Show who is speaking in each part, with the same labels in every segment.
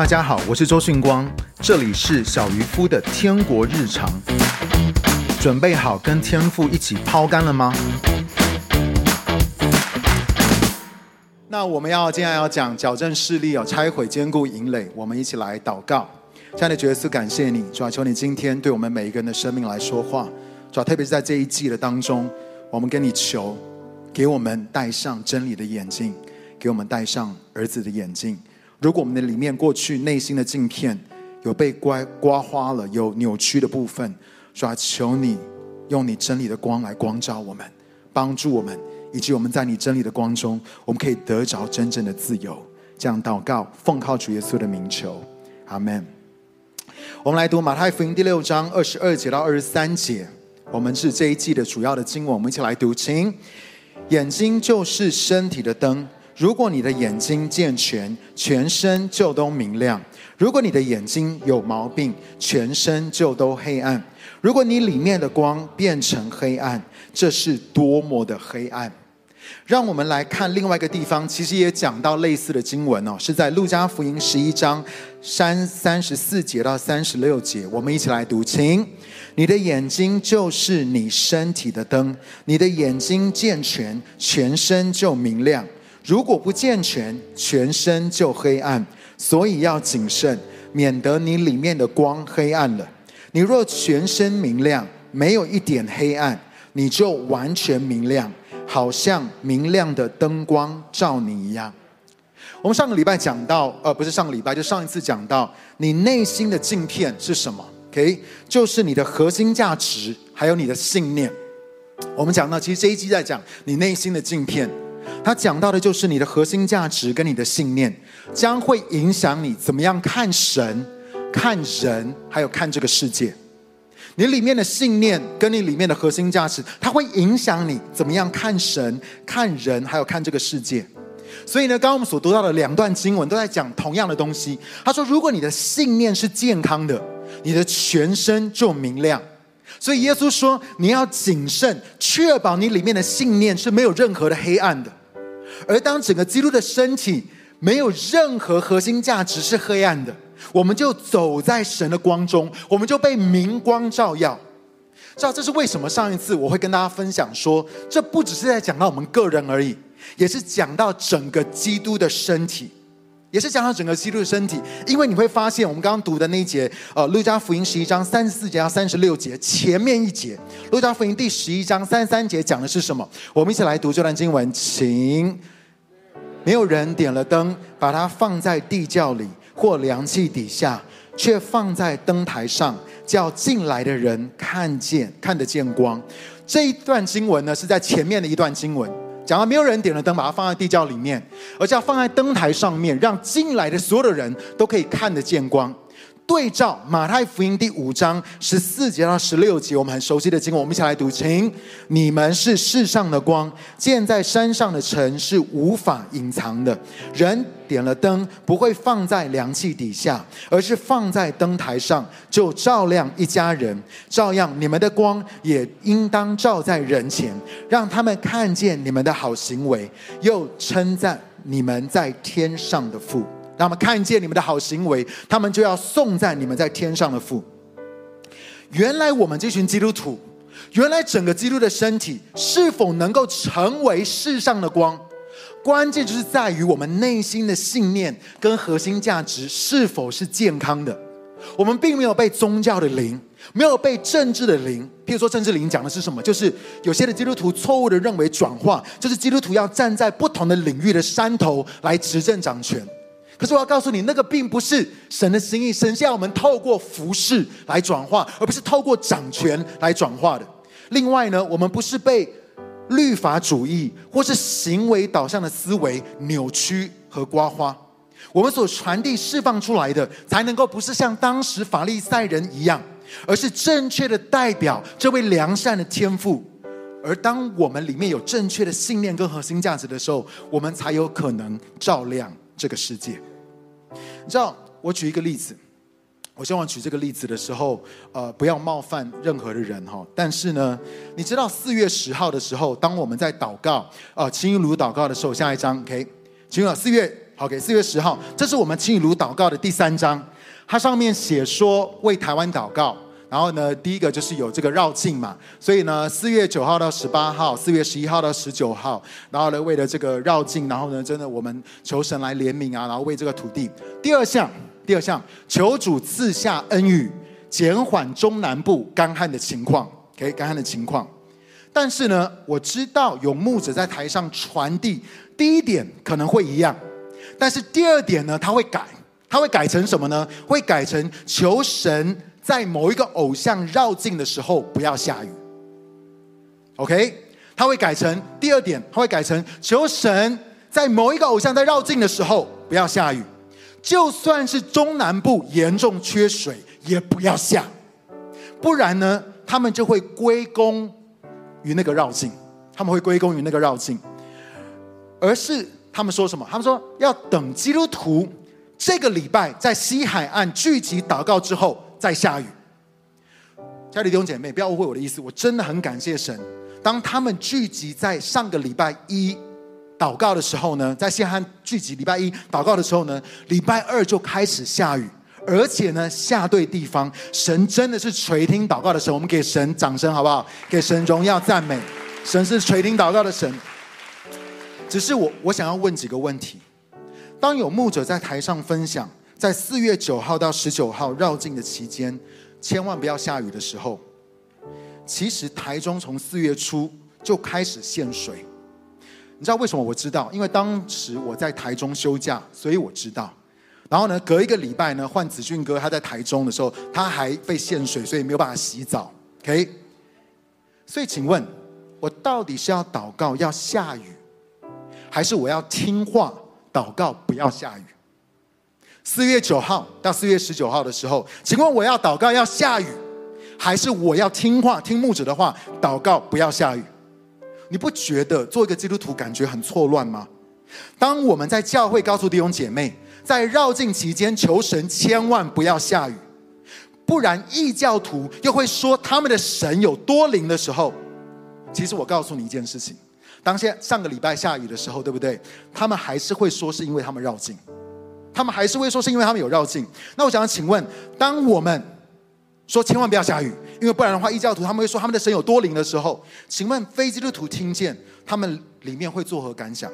Speaker 1: 大家好，我是周迅光，這裡是小漁夫的天國日常。準備好跟天父一起拋竿了嗎？那我們要今天要講矯正視力哦，拆毀堅固營壘。我們一起來禱告，這樣的角色感謝你，主要求你今天對我們每一個人的生命來說話，主要特別是在這一季的當中，我們跟你求，給我們戴上真理的眼鏡，給我們戴上兒子的眼鏡。如果我們的裡面，過去內心的鏡片有被刮刮花了，有扭曲的部分，說求你用你真理的光來光照我們，幫助我們，以及我們在你真理的光中，我們可以得着真正的自由。這樣禱告，奉靠主耶穌的名求，阿門。我們來讀馬太福音第六章二十二節到二十三節，我們是這一季的主要的經文，我們一起來讀，請。眼睛就是身體的燈。如果你的眼睛健全，全身就都明亮；如果你的眼睛有毛病，全身就都黑暗。如果你裡面的光變成黑暗，這是多麼的黑暗！讓我們來看另外一個地方，其實也講到類似的經文哦，是在路加福音十一章三三十四節到三十六節。我們一起來讀，請。你的眼睛就是你身體的燈，你的眼睛健全，全身就明亮。如果不健全，全身就黑暗，所以要謹慎，免得你裡面的光黑暗了。你若全身明亮，沒有一點黑暗，你就完全明亮，好像明亮的燈光照你一樣。我們上個禮拜講到，呃，不是上個禮拜，就上一次講到，你內心的鏡片是什麼？OK，就是你的核心價值，還有你的信念。我們講到，其實這一集在講你內心的鏡片。他講到的就是你的核心價值跟你的信念，將會影響你怎麼樣看神、看人，還有看這個世界。你裡面的信念跟你裡面的核心價值，它會影響你怎麼樣看神、看人，還有看這個世界。所以呢，剛剛我們所讀到的兩段經文都在講同樣的東西。他說，如果你的信念是健康的，你的全身就明亮。所以耶穌說，你要謹慎，確保你裡面的信念是沒有任何的黑暗的。而當整個基督的身體沒有任何核心價值是黑暗的，我們就走在神的光中，我們就被明光照耀。知道這是為什麼，上一次我會跟大家分享說，這不只是在講到我們個人而已，也是講到整個基督的身體。也是講到整個基督的身體，因為你會發現，我們剛剛讀的那一節，呃，路加福音十一章三十四節到三十六節前面一節，路加福音第十一章三十三節講的是什麼？我們一起來讀這段經文，請。沒有人點了燈，把它放在地窖裡或量器底下，卻放在燈台上，叫進來的人看見看得見光。這一段經文呢，是在前面的一段經文。想要沒有人點了燈，把它放在地窖裡面，而是要放在燈檯上面，讓進來的所有的人都可以看得見光。對照馬太福音第五章十四節到十六節，我們很熟悉的經文，我們一起來讀：請，你們是世上的光。建在山上的城是無法隱藏的，人點了燈，不會放在量器底下，而是放在燈臺上，就照亮一家人。照樣，你們的光也應當照在人前，讓他們看見你們的好行為，又稱讚你們在天上的父。讓他們看見你們的好行為，他們就要頌讚你們在天上的父。原來我們這群基督徒，原來整個基督的身體是否能夠成為世上的光，關鍵就是在於我們內心的信念跟核心價值是否是健康的。我們並沒有被宗教的靈，沒有被政治的靈。譬如說，政治靈講的是什麼？就是有些的基督徒錯誤的認為，轉化就是基督徒要站在不同的領域的山頭來執政掌權。可是我要告訴你，那個並不是神的心意。神是要我們透過服侍來轉化，而不是透過掌權來轉化的。另外呢，我們不是被律法主義或是行為導向的思維扭曲和刮花。我們所傳遞釋放出來的，才能夠不是像當時法利賽人一樣，而是正確的代表這位良善的天父。而當我們裡面有正確的信念跟核心價值的時候，我們才有可能照亮這個世界。你知道，我舉一個例子，我希望舉這個例子的時候，呃，不要冒犯任何的人哈。但是呢，你知道四月十號的時候，當我們在禱告，呃，青雲爐禱告的時候，下一張，OK，青雲爐，四月，好，OK 四月十號，這是我們青雲爐禱告的第三章，它上面寫說為台灣禱告。然後呢，第一個就是有這個繞境嘛，所以呢，四月九號到十八號，四月十一號到十九號，然後呢，為了這個繞境，然後呢，真的我們求神來憐憫啊，然後為這個土地。第二項，第二項，求主賜下恩雨，減緩中南部乾旱的情況，OK，乾旱的情況。但是呢，我知道有牧者在台上傳遞第一點可能會一樣，但是第二點呢，他會改，他會改成什麼呢？會改成求神。在某一個偶像繞境的時候，不要下雨。OK，他會改成第二點，他會改成求神在某一個偶像在繞境的時候不要下雨，就算是中南部嚴重缺水，也不要下。不然呢，他們就會歸功於那個繞境，他們會歸功於那個繞境，而是他們說什麼？他們說要等基督徒這個禮拜在西海岸聚集禱告之後。在下雨，家裡弟兄姐妹，不要誤會我的意思。我真的很感謝神，當他們聚集在上個禮拜一禱告的時候呢，在西漢聚集禮拜一禱告的時候呢，禮拜二就開始下雨，而且呢下對地方。神真的是垂聽禱告的神，我們給神掌聲好不好？給神榮耀讚美，神是垂聽禱告的神。只是我，我想要問幾個問題：當有牧者在台上分享。在四月九號到十九號繞境的期間，千萬不要下雨的時候。其實台中從四月初就開始限水，你知道為什麼？我知道，因為當時我在台中休假，所以我知道。然後呢，隔一個禮拜呢，換子俊哥他在台中的時候，他還被限水，所以沒有辦法洗澡。OK？所以請問，我到底是要禱告要下雨，還是我要聽話禱告不要下雨？四月九號到四月十九號的時候，請問我要禱告要下雨，還是我要聽話聽牧者的話，禱告不要下雨？你不覺得做一個基督徒感覺很錯亂嗎？當我們在教會告訴弟兄姐妹，在繞境期間求神千萬不要下雨，不然異教徒又會說他們的神有多靈的時候，其實我告訴你一件事情：當下，上個禮拜下雨的時候，對不對？他們還是會說是因為他們繞境。他們還是會說是因為他們有繞境。那我想請問，當我們說千萬不要下雨，因為不然的話，異教徒他們會說他們的神有多靈的時候，請問非基督徒聽見他們裡面會作何感想？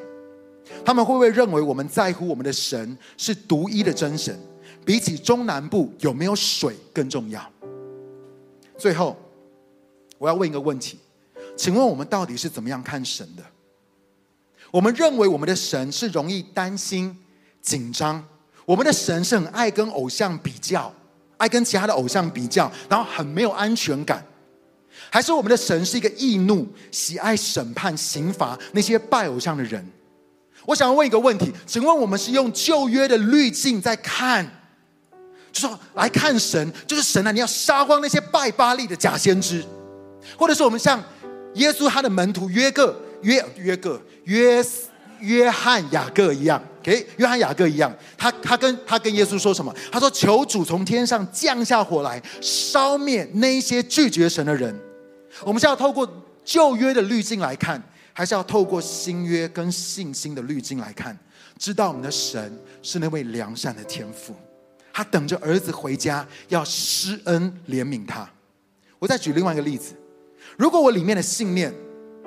Speaker 1: 他們會不會認為我們在乎我們的神是獨一的真神，比起中南部有沒有水更重要？最後，我要問一個問題，請問我們到底是怎麼樣看神的？我們認為我們的神是容易擔心。緊張，我們的神是很愛跟偶像比較，愛跟其他的偶像比較，然後很沒有安全感。還是我們的神是一個易怒，喜愛審判、刑罰那些拜偶像的人？我想要問一個問題，請問我們是用舊約的濾鏡在看，就說來看神，就是神啊！你要殺光那些拜巴力的假先知，或者是我們像耶穌他的門徒約個約約個約死。約翰、雅各一樣，給、okay? 約翰、雅各一樣，他他跟他跟耶穌說什麼？他說：“求主從天上降下火來，燒滅那些拒絕神的人。”我們是要透過舊約的濾鏡來看，還是要透過新約跟信心的濾鏡來看，知道我們的神是那位良善的天父，他等着兒子回家，要施恩憐憫他。我再舉另外一個例子，如果我裡面的信念。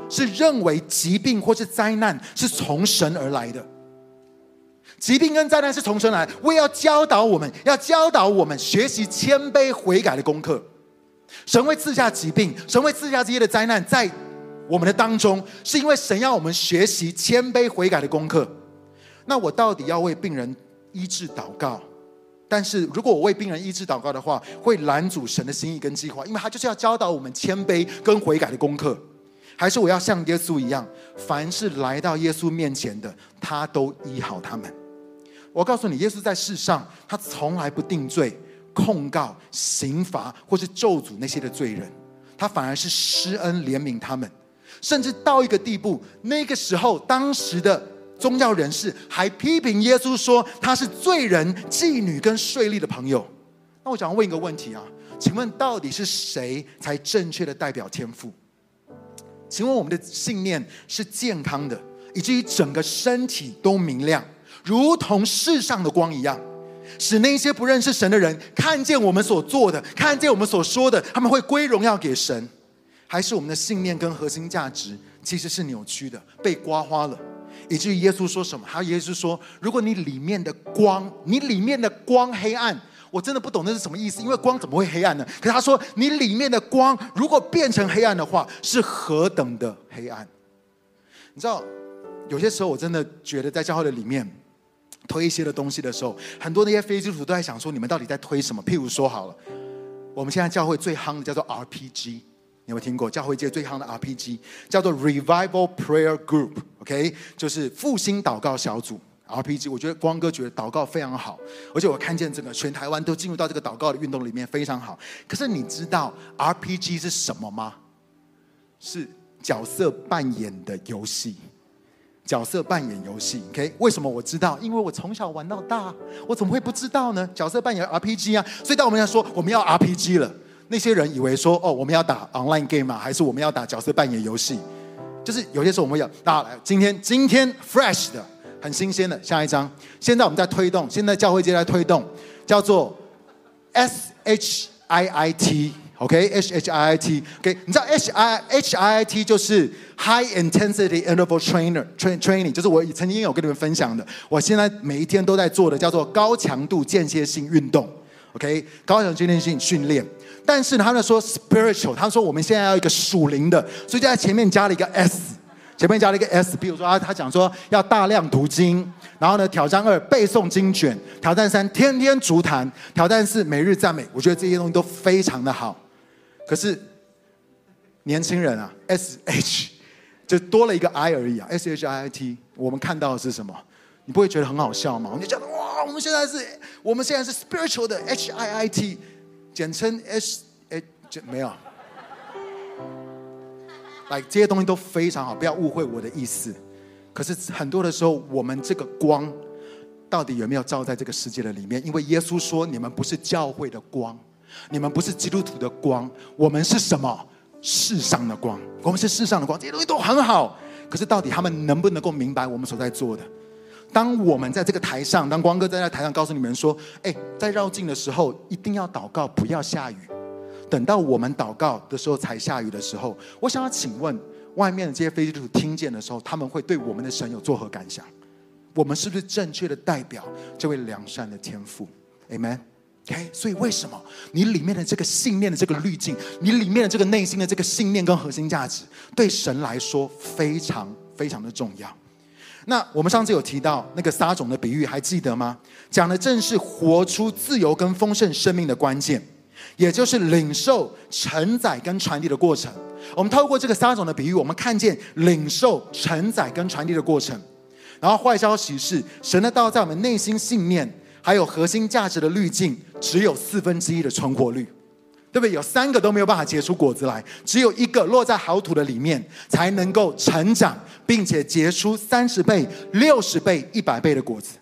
Speaker 1: 是認為疾病或是災難是從神而來的，疾病跟災難是從神而來，為要教導我們，要教導我們學習謙卑悔，悔改的功課。神會賜下疾病，神會賜下這些的災難在我們的當中，是因為神要我們學習謙卑悔，悔改的功課。那我到底要為病人醫治禱告？但是如果我為病人醫治禱告的話，會攔阻神的心意跟計劃，因為他就是要教導我們謙卑跟悔改的功課。還是我要像耶穌一樣，凡是來到耶穌面前的，他都醫好他們。我告訴你，耶穌在世上，他從來不定罪、控告、刑罰或是咒詛那些的罪人，他反而是施恩憐憫他們，甚至到一個地步，那個時候當時的宗教人士還批評耶穌說他是罪人、妓女跟稅吏的朋友。那我想問一個問題啊，請問到底是誰才正確的代表天父？請問我們的信念是健康的，以至於整個身體都明亮，如同世上的光一樣，使那些不認識神的人看見我們所做的，看見我們所說的，他們會歸榮耀給神。還是我們的信念跟核心價值其實是扭曲的，被刮花了，以至於耶穌說什麼？他耶穌說，如果你裡面的光，你裡面的光黑暗。我真的不懂那是什麼意思，因為光怎麼會黑暗呢？可是他說，你裡面的光如果變成黑暗的話，是何等的黑暗！你知道，有些時候我真的覺得在教會的裡面推一些的東西的時候，很多那些非基督徒都在想說，你們到底在推什麼？譬如說好了，我們現在教會最夯的叫做 RPG，你有沒有聽過？教會界最夯的 RPG 叫做 Revival Prayer Group，OK，就是復興禱告小組。RPG，我覺得光哥覺得禱告非常好，而且我看見整個全台灣都進入到這個禱告的運動裡面，非常好。可是你知道 RPG 是什麼嗎？是角色扮演的遊戲。角色扮演遊戲，OK？為什麼我知道？因為我從小玩到大，我怎麼會不知道呢？角色扮演 RPG 啊！所以當我們要說我們要 RPG 了，那些人以為說哦，我們要打 online game 啊，還是我們要打角色扮演遊戲？就是有些時候我們要打，大家來，今天今天 fresh 的。很新鮮的，下一張。現在我們在推動，現在教會就在推動，叫做 S H I I T，OK？H okay? H I I T，OK？Okay? 你知道 H I H I I T 就是 High Intensity Interval Trainer Tra training，就是我曾經有跟你們分享的，我現在每一天都在做的叫做高強度間歇性運動，OK？高強度間歇性訓練。但是他們說 spiritual，他們說我們現在要一個屬靈的，所以就在前面加了一個 S。前面加了一個 s，比如說啊，他講說要大量讀經，然後呢，挑戰二背誦經卷，挑戰三天天築壇，挑戰四每日讚美。我覺得這些東西都非常的好。可是年輕人啊，sh 就多了一個 i 而已啊，shit。SHIIT, 我們看到的是什麼？你不會覺得很好笑嗎？我們就講哇，我們現在是我們現在是 spiritual 的 hiit 簡稱 shit 沒有。來、like，這些東西都非常好，不要誤會我的意思。可是很多的時候，我們這個光到底有沒有照在這個世界的裡面？因為耶穌說，你們不是教會的光，你們不是基督徒的光，我們是什麼？世上的光，我們是世上的光。這些東西都很好，可是到底他們能不能夠明白我們所在做的？當我們在這個臺上，當光哥站在台上告訴你們說：“哎，在繞境的時候，一定要禱告，不要下雨。”等到我們禱告的時候才下雨的時候，我想要請問外面的這些非基督徒聽見的時候，他們會對我們的神有作何感想？我們是不是正確的代表這位良善的天父？Amen。OK，所以為什麼你裡面的這個信念的這個濾鏡，你裡面的這個內心的這個信念跟核心價值，對神來說非常非常的重要？那我們上次有提到那個撒種的比喻，還記得嗎？講的正是活出自由跟豐盛生命的關鍵。也就是領受、承載跟傳遞的過程。我們透過這個撒種的比喻，我們看見領受、承載跟傳遞的過程。然後壞消息是，神的道在我們內心信念還有核心價值的濾鏡，只有四分之一的存活率，對不對？有三個都沒有辦法結出果子來，只有一個落在好土的裡面，才能夠成長，並且結出三十倍、六十倍、一百倍的果子。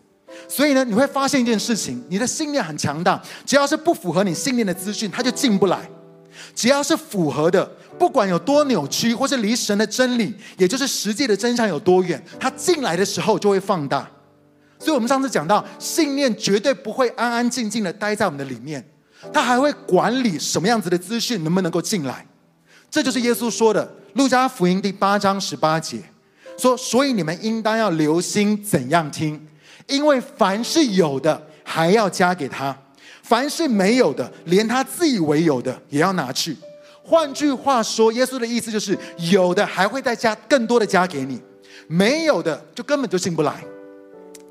Speaker 1: 所以呢，你會發現一件事情：你的信念很強大，只要是不符合你信念的資訊，它就進不來；只要是符合的，不管有多扭曲，或是離神的真理，也就是實際的真相有多遠，它進來的時候就會放大。所以，我們上次講到，信念絕對不會安安靜靜的待在我們的裡面，它還會管理什麼樣子的資訊能不能夠進來。這就是耶穌說的《路加福音》第八章十八節，說：“所以你們應當要留心怎樣聽。”因為凡是有的，還要加給他；凡是沒有的，連他自以為有的，也要拿去。換句話說，耶穌的意思就是：有的還會再加更多的加給你；沒有的，就根本就進不來。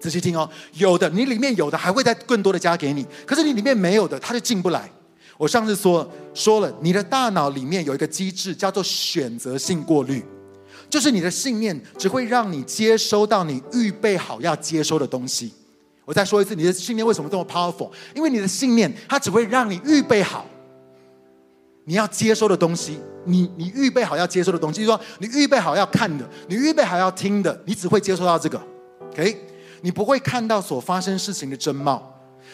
Speaker 1: 仔細聽哦，有的你裡面有的，還會再更多的加給你；可是你裡面沒有的，他就進不來。我上次說了說了，你的大腦裡面有一個機制，叫做選擇性過濾。就是你的信念只會讓你接收到你預備好要接收的東西。我再說一次，你的信念為什麼這麼 powerful？因為你的信念它只會讓你預備好你要接收的東西。你你預備好要接收的東西，就是說你預備好要看的，你預備好要聽的，你只會接收到這個。OK，你不會看到所發生事情的真貌，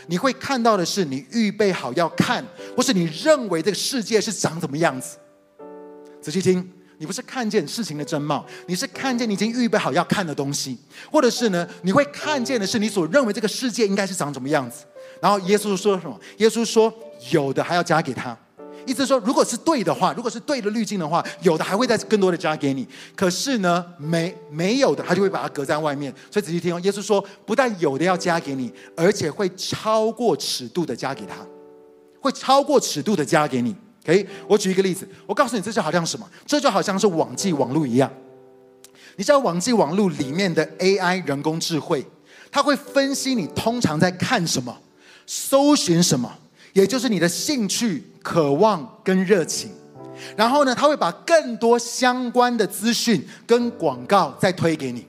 Speaker 1: 你會看到的是你預備好要看，或是你認為這個世界是長什麼樣子。仔細聽。你不是看見事情的真貌，你是看見你已經預備好要看的東西，或者是呢，你會看見的是你所認為這個世界應該是長什麼樣子。然後耶穌說什麼？耶穌說：“有的還要加給他，意思說，如果是對的話，如果是對的濾鏡的話，有的還會再更多的加給你。可是呢，沒沒有的，他就會把它隔在外面。所以仔細聽哦，耶穌說，不但有的要加給你，而且會超過尺度的加給他，會超過尺度的加給你。”可以，我舉一個例子，我告訴你，這就好像什麼？這就好像是網際網路一樣。你知道網際網路裡面的 AI 人工智慧，它會分析你通常在看什麼、搜尋什麼，也就是你的興趣、渴望跟熱情。然後呢，它會把更多相關的資訊跟廣告再推給你。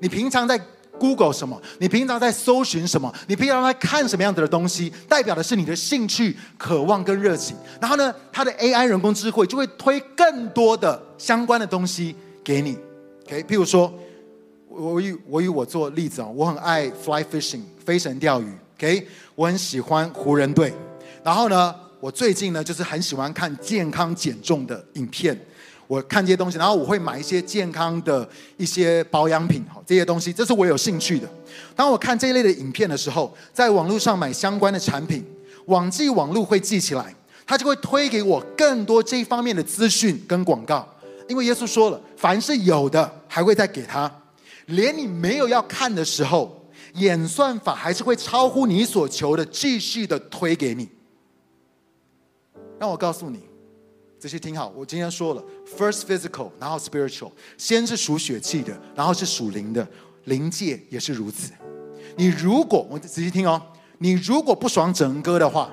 Speaker 1: 你平常在。Google 什麼？你平常在搜尋什麼？你平常在看什麼樣子的東西？代表的是你的興趣、渴望跟熱情。然後呢，它的 AI 人工智慧就會推更多的相關的東西給你。OK，譬如說，我以我以我做例子啊，我很愛 fly fishing 飛神釣魚。OK，我很喜歡湖人隊。然後呢，我最近呢就是很喜歡看健康減重的影片。我看這些東西，然後我會買一些健康的一些保養品，好，這些東西，這是我有興趣的。當我看這一類的影片的時候，在網絡上買相關的產品，網際網絡會記起來，他就會推給我更多這方面的資訊跟廣告。因為耶穌說了，凡是有的，還會再給他。連你沒有要看的時候，演算法還是會超乎你所求的，繼續的推給你。讓我告訴你。仔細聽好，我今天說了，first physical，然後 spiritual，先是屬血氣的，然後是屬靈的，靈界也是如此。你如果我仔細聽哦，你如果不爽整人歌的話，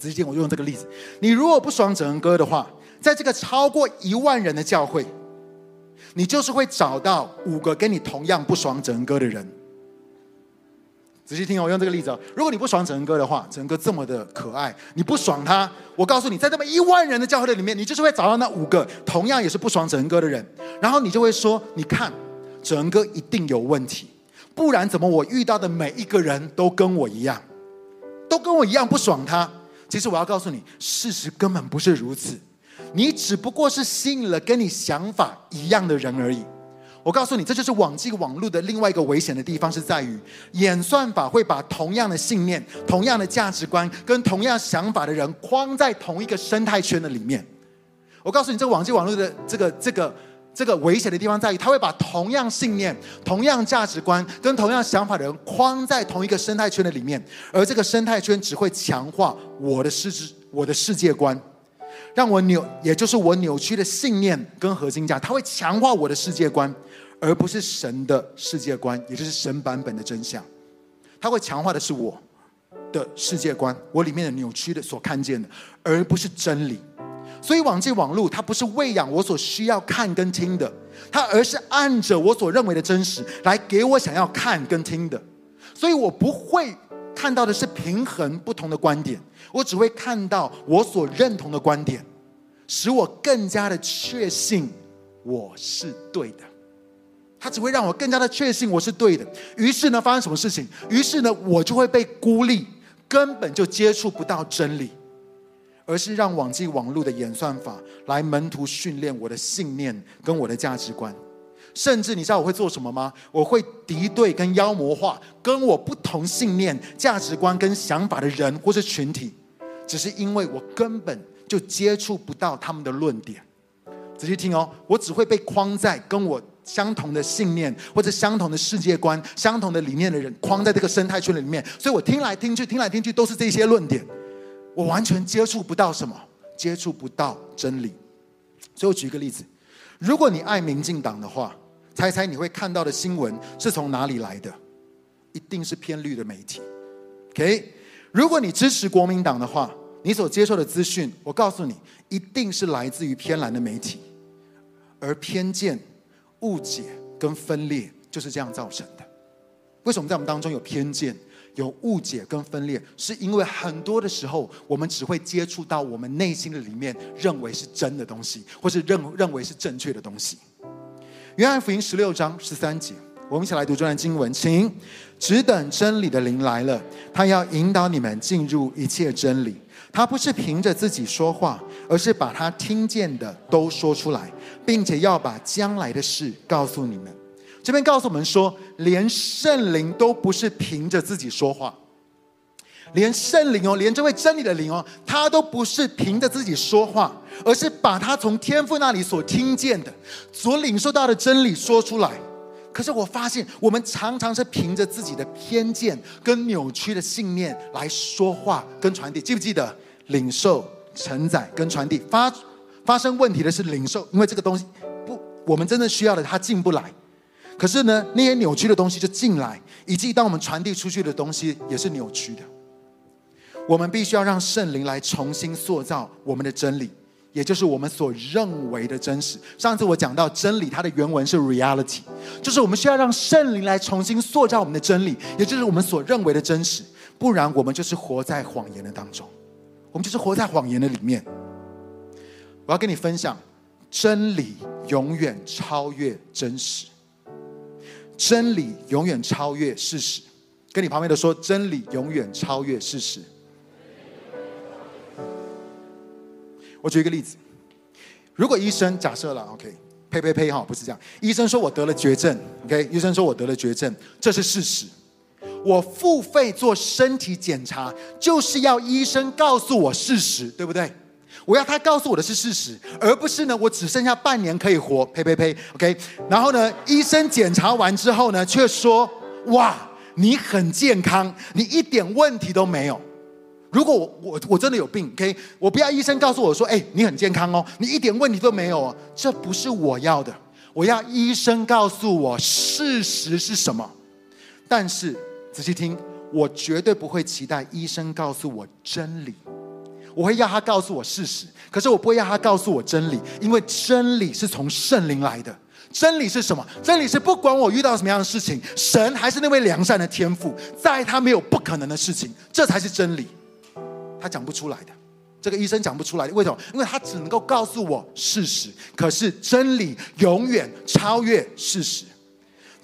Speaker 1: 仔細聽，我用這個例子，你如果不爽整人歌的話，在這個超過一萬人的教會，你就是會找到五個跟你同樣不爽整人歌的人。仔細聽哦，我用這個例子哦，如果你不爽整哥的話，整哥這麼的可愛，你不爽他，我告訴你，在這麼一萬人的教會裡面，你就是會找到那五個同樣也是不爽整哥的人，然後你就會說：“你看，整哥一定有問題，不然怎麼我遇到的每一個人都跟我一樣，都跟我一樣不爽他？”其實我要告訴你，事實根本不是如此，你只不過是吸引了跟你想法一樣的人而已。我告訴你，這就是網際網路的另外一個危險的地方，是在於演算法會把同樣的信念、同樣的價值觀跟同樣想法的人框在同一個生態圈的裡面。我告訴你，這個網際網路的、這個、這個、這個、這個危險的地方在於，它會把同樣信念、同樣價值觀跟同樣想法的人框在同一個生態圈的裡面，而這個生態圈只會強化我的世之、我的世界觀，讓我扭，也就是我扭曲的信念跟核心價，它會強化我的世界觀。而不是神的世界觀，也就是神版本的真相，它會強化的是我的世界觀，我裡面的扭曲的所看見的，而不是真理。所以網際網路它不是餵養我所需要看跟聽的，它而是按着我所認為的真實來給我想要看跟聽的。所以我不會看到的是平衡不同的觀點，我只會看到我所認同的觀點，使我更加的確信我是對的。他只會讓我更加的確信我是對的。於是呢，發生什麼事情？於是呢，我就會被孤立，根本就接觸不到真理，而是讓網際網絡的演算法來門徒訓練我的信念跟我的價值觀。甚至你知道我會做什麼嗎？我會敵對跟妖魔化跟我不同信念、價值觀跟想法的人或是群體，只是因為我根本就接觸不到他們的論點。仔細聽哦，我只會被框在跟我相同的信念或者相同的世界觀、相同的理念的人，框在這個生態圈裡面，所以我聽來聽去、聽來聽去都是這些論點，我完全接觸不到什麼，接觸不到真理。所以我舉一個例子：如果你愛民進黨的話，猜猜你會看到的新聞是從哪裡來的？一定是偏綠的媒體。OK，如果你支持國民黨的話，你所接受的資訊，我告訴你，一定是來自於偏藍的媒體，而偏見。誤解跟分裂就是這樣造成的。為什麼在我們當中有偏見、有誤解跟分裂？是因為很多的時候，我們只會接觸到我們內心的裡面認為是真的東西，或是認認為是正確的東西。約翰福音十六章十三節，我們一起來讀這段經文，請：只等真理的靈來了，他要引導你們進入一切真理。他不是憑着自己說話。而是把他聽見的都說出來，並且要把將來的事告訴你們。這邊告訴我們說，連聖靈都不是憑着自己說話，連聖靈哦，連這位真理的靈哦，他都不是憑着自己說話，而是把他從天父那裡所聽見的、所領受到的真理說出來。可是我發現，我們常常是憑着自己的偏見跟扭曲的信念來說話跟傳遞。記不記得領受？承載跟傳遞發發生問題的是領受，因為這個東西不，我們真正需要的它進不來，可是呢，那些扭曲的東西就進來，以及當我們傳遞出去的東西也是扭曲的。我們必須要讓聖靈來重新塑造我們的真理，也就是我們所認為的真實。上次我講到真理，它的原文是 reality，就是我們需要讓聖靈來重新塑造我們的真理，也就是我們所認為的真實，不然我們就是活在謊言的當中。我們就是活在謊言的裡面。我要跟你分享，真理永遠超越真實，真理永遠超越事實。跟你旁邊的說，真理永遠超越事實。我舉一個例子，如果醫生假設了，OK，呸呸呸哈，不是這樣。醫生說我得了絕症，OK，醫生說我得了絕症，這是事實。我付費做身體檢查，就是要醫生告訴我事實，對不對？我要他告訴我的是事實，而不是呢我只剩下半年可以活。呸呸呸，OK。然後呢，醫生檢查完之後呢，卻說：“哇，你很健康，你一點問題都沒有。”如果我我我真的有病，OK，我不要醫生告訴我說：“哎，你很健康哦，你一點問題都沒有哦。”這不是我要的，我要醫生告訴我事實是什麼。但是。仔細聽，我絕對不會期待醫生告訴我真理，我會要他告訴我事實。可是我不會要他告訴我真理，因為真理是從聖靈來的。真理是什麼？真理是不管我遇到，什麼樣的事情，神還是那位良善的天父，在他沒有不可能的事情，這才是真理。他講不出來的，這個醫生講不出來的，為什麼？因為他只能夠告訴我事實，可是真理永遠超越事實。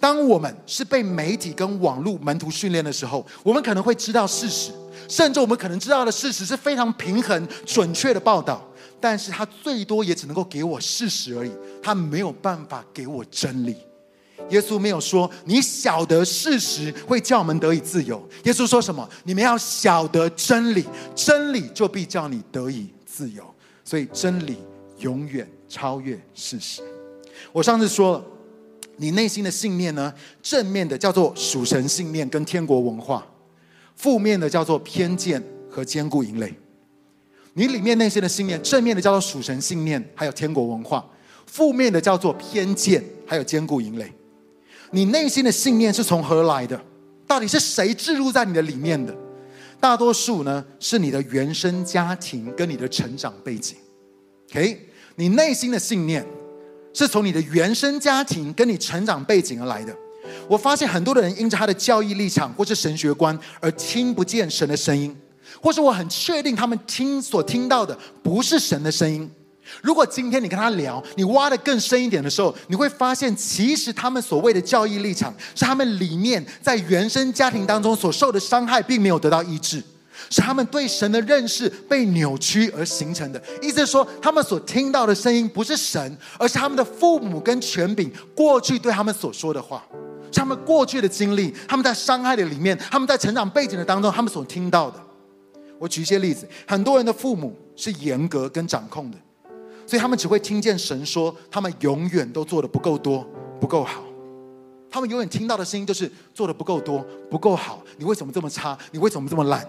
Speaker 1: 當我們是被媒體跟網絡門徒訓練的時候，我們可能會知道事實，甚至我們可能知道的事實是非常平衡、準確的報道。但是，他最多也只能夠給我事實而已，他沒有辦法給我真理。耶穌沒有說你曉得事實會叫我們得以自由。耶穌說什麼？你們要曉得真理，真理就必叫你得以自由。所以，真理永遠超越事實。我上次說了。你內心的信念呢？正面的叫做屬神信念跟天國文化，負面的叫做偏見和堅固營壘。你裡面內心的信念，正面的叫做屬神信念，還有天國文化；負面的叫做偏見，還有堅固營壘。你內心的信念是從何來的？到底是誰置入在你的裡面的？大多數呢，是你的原生家庭跟你的成長背景。OK，你內心的信念。是從你的原生家庭跟你成長背景而來的。我發現很多的人因着他的教義立場或是神學觀而聽不見神的聲音，或是我很確定他們聽所聽到的不是神的聲音。如果今天你跟他聊，你挖得更深一點的時候，你會發現其實他們所謂的教義立場，是他們裡面在原生家庭當中所受的傷害並沒有得到醫治。是他們對神的認識被扭曲而形成的，意思是說，他們所聽到的聲音不是神，而是他們的父母跟權柄過去對他們所說的話，他們過去的經歷，他們在傷害的裡面，他們在成長背景的當中，他們所聽到的。我舉一些例子，很多人的父母是嚴格跟掌控的，所以他們只會聽見神說，他們永遠都做得不夠多，不夠好。他們永遠聽到的聲音就是做得不夠多，不夠好。你為什麼這麼差？你為什麼這麼懶？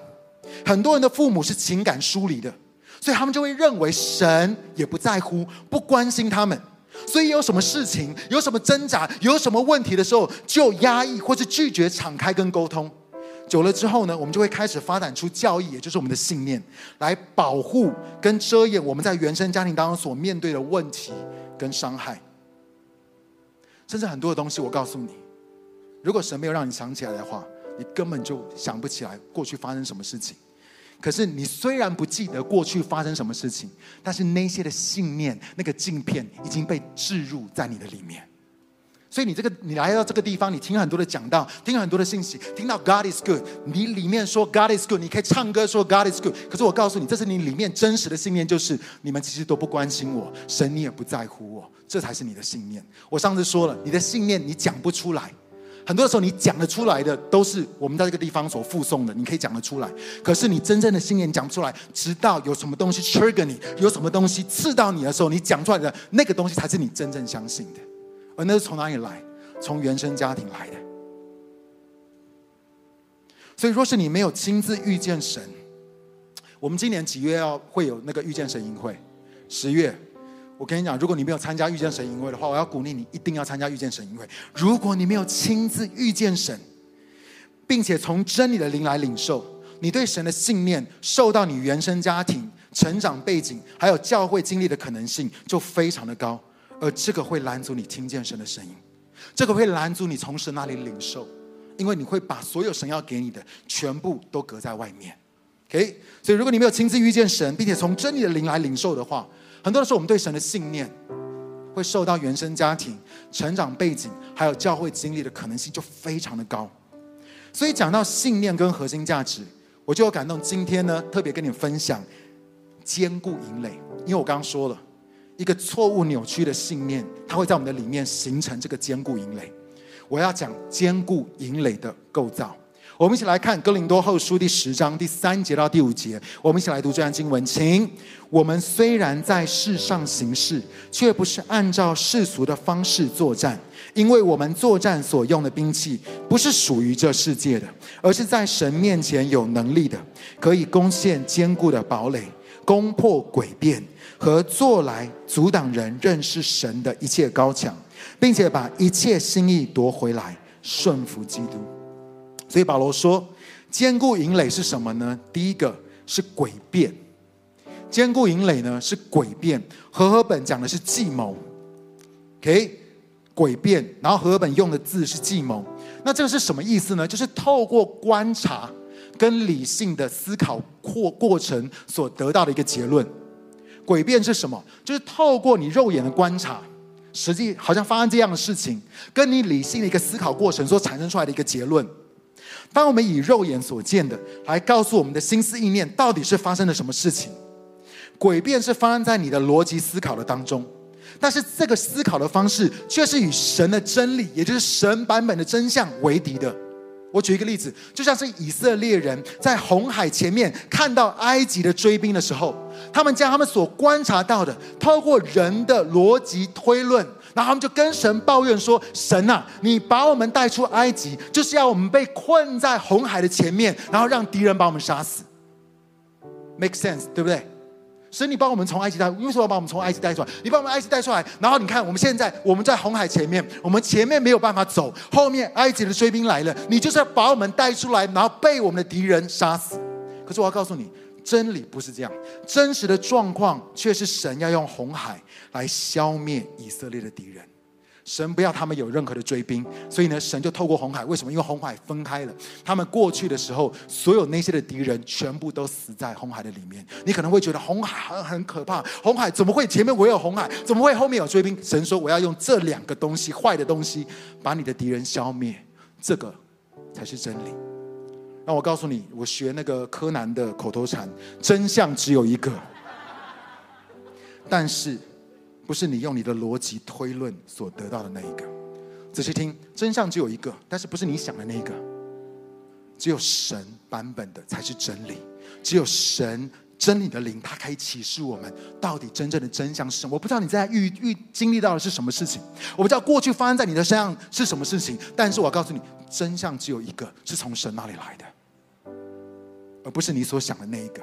Speaker 1: 很多人的父母是情感疏離的，所以他們就會認為神也不在乎、不關心他們，所以有什麼事情、有什麼掙扎、有什麼問題的時候，就壓抑或是拒絕敞開跟溝通。久了之後呢，我們就會開始發展出教義，也就是我們的信念，來保護跟遮掩我們在原生家庭當中所面對的問題跟傷害。甚至很多的東西，我告訴你，如果神沒有讓你想起來的話，你根本就想不起來過去發生什麼事情。可是你雖然不記得過去發生什麼事情，但是那些的信念，那個鏡片已經被置入在你的裡面。所以你這個，你來到這個地方，你聽很多的講道，聽很多的信息，聽到 God is good，你裡面說 God is good，你可以唱歌說 God is good。可是我告訴你，這是你裡面真實的信念，就是你們其實都不關心我，神你也不在乎我，這才是你的信念。我上次說了，你的信念你講不出來。很多時候，你講得出來的都是我們在這個地方所附送的，你可以講得出來。可是你真正的信念講不出來，直到有什麼東西戳給你，有什麼東西刺到你的時候，你講出來的那個東西才是你真正相信的。而那是從哪裡來？從原生家庭來的。所以，若是你沒有親自遇見神，我們今年幾月要會有那個遇見神營會？十月。我跟你講，如果你沒有參加遇見神營會的話，我要鼓勵你一定要參加遇見神營會。如果你沒有親自遇見神，並且從真理的靈來領受，你對神的信念受到你原生家庭、成長背景，還有教會經歷的可能性就非常的高，而這個會攔阻你聽見神的聲音，這個會攔阻你從神那裡領受，因為你會把所有神要給你的全部都隔在外面。OK，所以如果你沒有親自遇見神，並且從真理的靈來領受的話，很多的時候，我們對神的信念會受到原生家庭、成長背景，還有教會經歷的可能性就非常的高。所以講到信念跟核心價值，我就有感動。今天呢，特別跟你分享堅固營壘，因為我剛剛說了，一個錯誤扭曲的信念，它會在我們的裡面形成這個堅固營壘。我要講堅固營壘的構造。我們一起來看《哥林多後書》第十章第三節到第五節，我們一起來讀這段經文。請，我們雖然在世上行事，卻不是按照世俗的方式作戰，因為我們作戰所用的兵器不是屬於這世界的，而是在神面前有能力的，可以攻陷堅固的堡壘，攻破詭辯和做來阻擋人認識神的一切高牆，並且把一切心意奪回來，順服基督。對保羅說：“堅固營壘是什麼呢？第一個是詭辯。堅固營壘呢是詭辯。和合本講的是計謀，OK？詭辯。然後和合本用的字是計謀。那這個是什麼意思呢？就是透過觀察跟理性的思考過過程所得到的一個結論。詭辯是什麼？就是透過你肉眼的觀察，實際好像發生這樣的事情，跟你理性的一個思考過程所產生出來的一個結論。”當我們以肉眼所見的來告訴我們的心思意念，到底是發生了什麼事情？詭辯是發生在你的邏輯思考的當中，但是這個思考的方式卻是與神的真理，也就是神版本的真相為敵的。我舉一個例子，就像是以色列人在紅海前面看到埃及的追兵的時候，他們將他們所觀察到的，透過人的邏輯推論。然後他們就跟神抱怨說：“神啊，你把我們帶出埃及，就是要我們被困在紅海的前面，然後讓敵人把我們殺死。Make sense，對不對？所以你幫我們從埃及帶，為什麼要把我們從埃及帶出來？你把我們埃及帶出來，然後你看我們現在我們在紅海前面，我們前面沒有辦法走，後面埃及的追兵來了，你就是要把我們帶出來，然後被我們的敵人殺死。可是我要告訴你。”真理不是這樣，真實的狀況卻是神要用紅海來消滅以色列的敵人。神不要他們有任何的追兵，所以呢，神就透過紅海。為什麼？因為紅海分開了，他們過去的時候，所有那些的敵人全部都死在紅海的裡面。你可能會覺得紅海很可怕，紅海怎麼會前面唯有紅海，怎麼會後面有追兵？神說，我要用這兩個東西，壞的東西，把你的敵人消滅。這個才是真理。那我告訴你，我學那個柯南的口頭禪：真相只有一個。但是，不是你用你的邏輯推論所得到的那一個。仔細聽，真相只有一個，但是不是你想的那一個。只有神版本的才是真理，只有神真理的靈，祂可以啟示我們到底真正的真相是什麼。我不知道你在遇遇經歷到的是什麼事情，我不知道過去發生在你的身上是什麼事情，但是我告訴你，真相只有一個，是從神那裡來的，而不是你所想的那一個，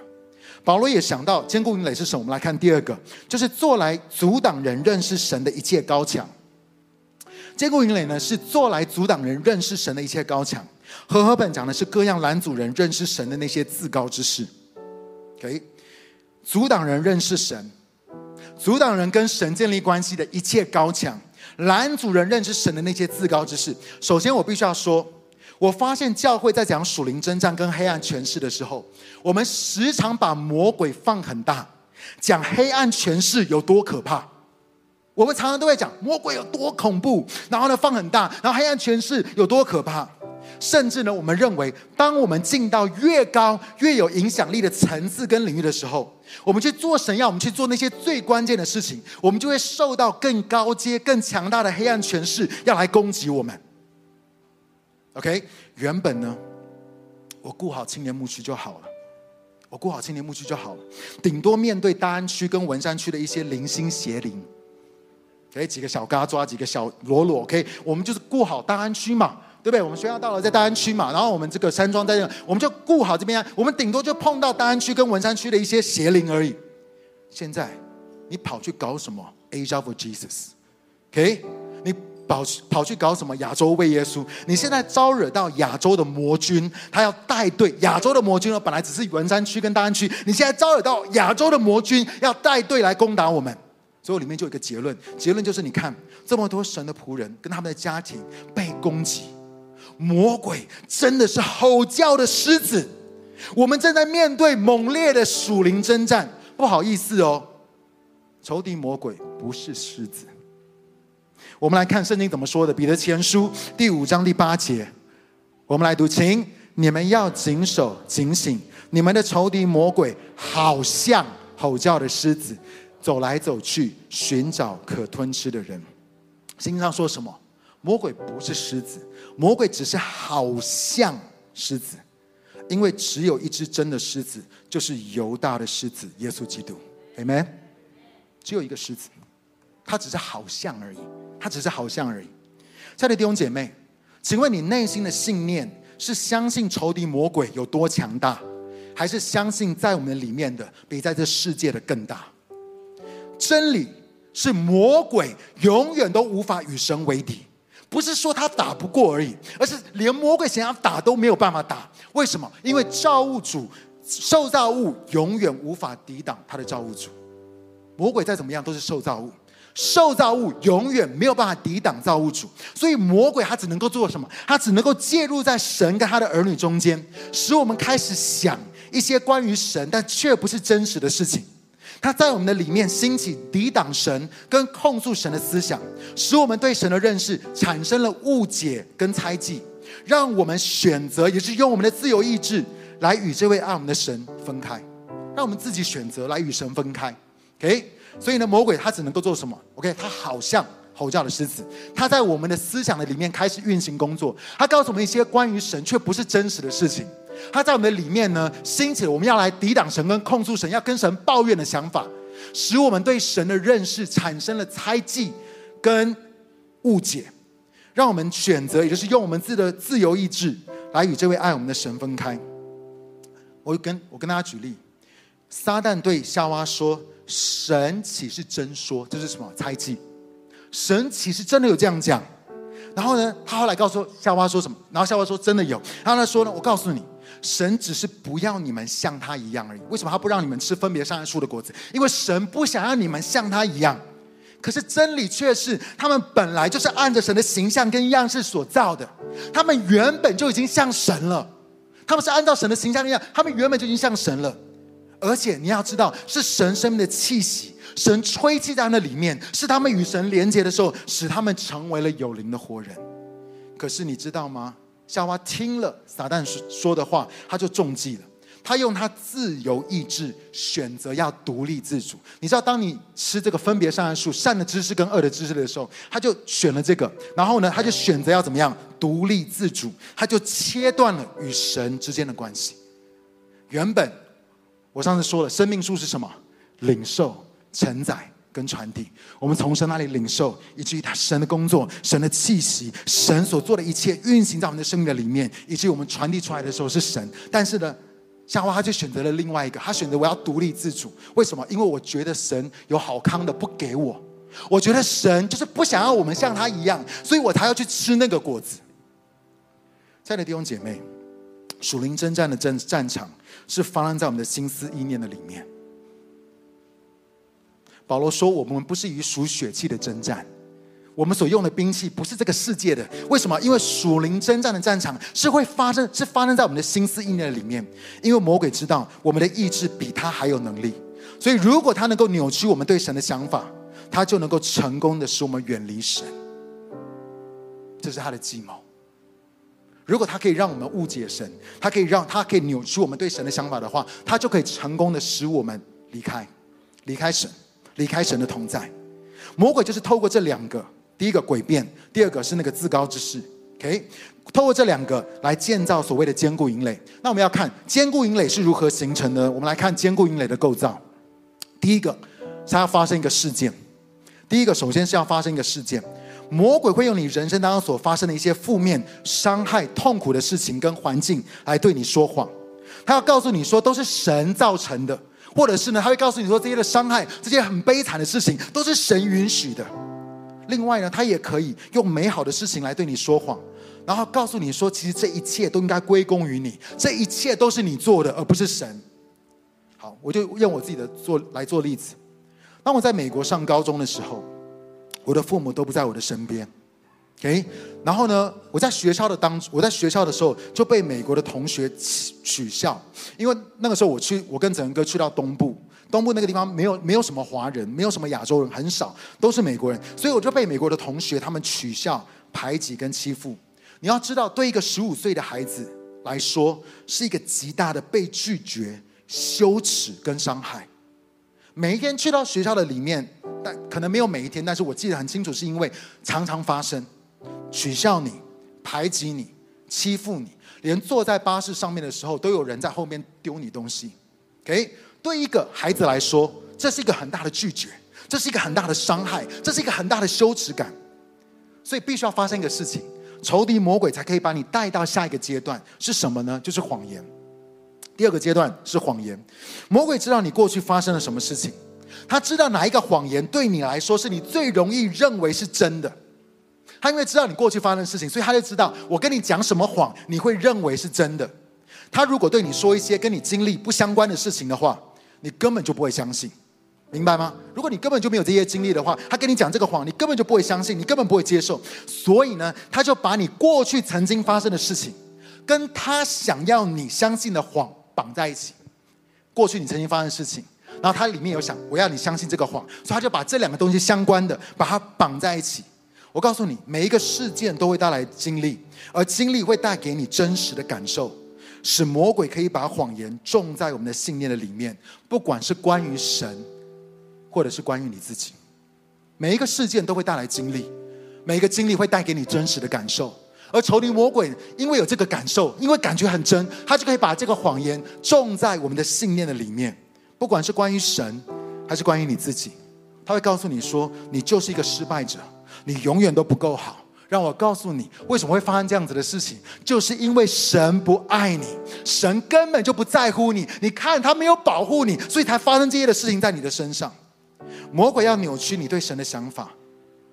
Speaker 1: 保羅也想到堅固營壘是什麼？我們來看第二個，就是做來阻擋人認識神的一切高牆。堅固營壘呢，是做來阻擋人認識神的一切高牆。和合本講的是各樣攔阻人認識神的那些自高之事。可、okay? 以阻擋人認識神，阻擋人跟神建立關係的一切高牆，攔阻人認識神的那些自高之事。首先，我必須要說。我發現教會在講屬靈爭戰跟黑暗權勢的時候，我們時常把魔鬼放很大，講黑暗權勢有多可怕。我們常常都會講魔鬼有多恐怖，然後呢，放很大，然後黑暗權勢有多可怕。甚至呢，我們認為，當我們進到越高越有影響力的層次跟領域的時候，我們去做神要我們去做那些最關鍵的事情，我們就會受到更高階、更強大的黑暗權勢要來攻擊我們。OK，原本呢，我顧好青年牧區就好了，我顧好青年牧區就好了，頂多面對大安區跟文山區的一些零星邪靈，給、okay, 幾個小嘎抓幾個小囉囉 OK，我們就是顧好大安區嘛，對不對？我們學校到了在大安區嘛，然後我們這個山莊在這，我們就顧好這邊，我們頂多就碰到大安區跟文山區的一些邪靈而已。現在你跑去搞什麼？Asia for Jesus，OK？、Okay? 跑，跑去搞什麼亞洲為耶穌？你現在招惹到亞洲的魔君，他要帶隊。亞洲的魔君呢，本來只是文山區跟大安區，你現在招惹到亞洲的魔君，要帶隊來攻打我們。所以裡面就有一個結論，結論就是：你看這麼多神的僕人跟他們的家庭被攻擊，魔鬼真的是吼叫的獅子，我們正在面對猛烈的屬靈征戰。不好意思哦，仇敵魔鬼不是獅子。我們來看聖經怎麼說的，《彼得前書》第五章第八節，我們來讀，請你們要謹守、警醒。你們的仇敵魔鬼，好像吼叫的獅子，走來走去，尋找可吞吃的人。聖經上說什麼？魔鬼不是獅子，魔鬼只是好像獅子，因為只有一隻真的獅子，就是猶大的獅子，耶穌基督。阿門。只有一個獅子，它只是好像而已。他只是好像而已，親愛的弟兄姐妹，請問你內心的信念是相信仇敵魔鬼有多強大，還是相信在我們裡面的比在這世界的更大？真理是魔鬼永遠都無法與神為敵，不是說他打不過而已，而是連魔鬼想要打都沒有辦法打。為什麼？因為造物主受造物永遠無法抵擋他的造物主，魔鬼再怎麼樣都是受造物。受造物永遠沒有辦法抵擋造物主，所以魔鬼他只能夠做什麼？他只能夠介入在神跟他的兒女中間，使我們開始想一些關於神但卻不是真實的事情。他在我們的裡面興起抵擋神跟控訴神的思想，使我們對神的認識產生了誤解跟猜忌，讓我們選擇也是用我們的自由意志來與這位愛我們的神分開，讓我們自己選擇來與神分開。OK。所以呢，魔鬼他只能夠做什麼？OK，他好像吼叫的獅子，他在我們的思想的裡面開始運行工作。他告訴我們一些關於神卻不是真實的事情。他在我們的裡面呢，興起了我們要來抵擋神跟控訴神，要跟神抱怨的想法，使我們對神的認識產生了猜忌跟誤解，讓我們選擇，也就是用我們自己的自由意志來與這位愛我們的神分開。我跟我跟大家舉例，撒旦對夏娃說。神豈是真說？這、就是什麼猜忌？神豈是真的有這樣講？然後呢，他後來告訴夏娃說什麼？然後夏娃說真的有。然後他說呢，我告訴你，神只是不要你們像他一樣而已。為什麼他不讓你們吃分別善惡樹的果子？因為神不想讓你們像他一樣。可是真理卻是，他們本來就是按着神的形象跟樣式所造的。他們原本就已經像神了。他們是按照神的形象一樣，他們原本就已經像神了。而且你要知道，是神生命的氣息，神吹氣在那裡面，是他們與神連接的時候，使他們成為了有靈的活人。可是你知道嗎？夏娃聽了撒旦說的話，他就中計了。他用他自由意志選擇要獨立自主。你知道，當你吃這個分別善惡樹善的知識跟惡的知識的時候，他就選了這個。然後呢，他就選擇要怎麼樣獨立自主，他就切斷了與神之間的關係。原本，我上次說了，生命樹是什麼？領受、承載跟傳遞。我們從神那裡領受，以至於他神的工作、神的氣息、神所做的一切運行在我們的生命的裡面，以及我們傳遞出來的時候是神。但是呢，夏娃他就選擇了另外一個，他選擇我要獨立自主。為什麼？因為我覺得神有好康的不給我，我覺得神就是不想要我們像他一樣，所以我才要去吃那個果子。親愛的弟兄姐妹，屬靈征戰的戰戰場。是發生在我們的心思意念的裡面。保羅說：“我們不是以屬血氣的征戰，我們所用的兵器不是這個世界的。為什麼？因為屬靈征戰的戰場是會發生，是發生在我們的心思意念的裡面。因為魔鬼知道我們的意志比他還有能力，所以如果他能夠扭曲我們對神的想法，他就能夠成功的使我們遠離神。這是他的計謀。”如果他可以讓我們誤解神，他可以讓他可以扭曲我們對神的想法的話，他就可以成功的使我們離開，離開神，離開神的同在。魔鬼就是透過這兩個，第一個詭辯，第二個是那個自高之事。OK，透過這兩個來建造所謂的堅固營壘。那我們要看堅固營壘是如何形成的？我們來看堅固營壘的構造。第一個，它要發生一個事件。第一個，首先是要發生一個事件。魔鬼會用你人生當中所發生的一些負面、傷害、痛苦的事情跟環境來對你說謊，他要告訴你說都是神造成的，或者是呢，他會告訴你說這些的傷害、這些很悲慘的事情都是神允許的。另外呢，他也可以用美好的事情來對你說謊，然後告訴你說其實這一切都應該歸功於你，這一切都是你做的，而不是神。好，我就用我自己的做來做例子。當我在美國上高中的時候。我的父母都不在我的身邊，誒，okay? 然後呢，我在學校的當我在學校的時候就被美國的同學取取笑，因為那個時候我去，我跟子恆哥去到東部，東部那個地方沒有沒有什麼華人，沒有什麼亞洲人，很少都是美國人，所以我就被美國的同學他們取笑、排擠跟欺負。你要知道，對一個十五歲的孩子來說，是一個極大的被拒絕、羞恥跟傷害。每一天去到學校的裡面。但可能沒有每一天，但是我記得很清楚，是因為常常發生，取笑你，排擠你，欺負你，連坐在巴士上面的時候，都有人在後面丟你東西。給、Okay? 對一個孩子來說，這是一個很大的拒絕，這是一個很大的傷害，這是一個很大的羞恥感。所以必須要發生一個事情，仇敵魔鬼才可以把你帶到下一個階段。是什麼呢？就是謊言。第二個階段是謊言。魔鬼知道你過去發生了什麼事情。他知道哪一個謊言對你來說是你最容易認為是真的。他因為知道你過去發生的事情，所以他就知道我跟你講什麼謊你會認為是真的。他如果對你說一些跟你經歷不相關的事情的話，你根本就不會相信，明白嗎？如果你根本就沒有這些經歷的話，他跟你講這個謊，你根本就不會相信，你根本不會接受。所以呢，他就把你過去曾經發生的事情，跟他想要你相信的謊綁在一起。過去你曾經發生的事情。然後他裡面有想，我要你相信這個謊，所以他就把這兩個東西相關的，把它綁在一起。我告訴你，每一個事件都會帶來經歷，而經歷會帶給你真實的感受，使魔鬼可以把謊言種在我們的信念的裡面。不管是關於神，或者是關於你自己，每一個事件都會帶來經歷，每一個經歷會帶給你真實的感受，而仇敵魔鬼因為有這個感受，因為感覺很真，他就可以把這個謊言種在我們的信念的裡面。不管是關於神，還是關於你自己，他會告訴你說：“你就是一個失敗者，你永遠都不夠好。”讓我告訴你，為什麼會發生這樣子的事情，就是因為神不愛你，神根本就不在乎你。你看他沒有保護你，所以才發生這些的事情在你的身上。魔鬼要扭曲你對神的想法，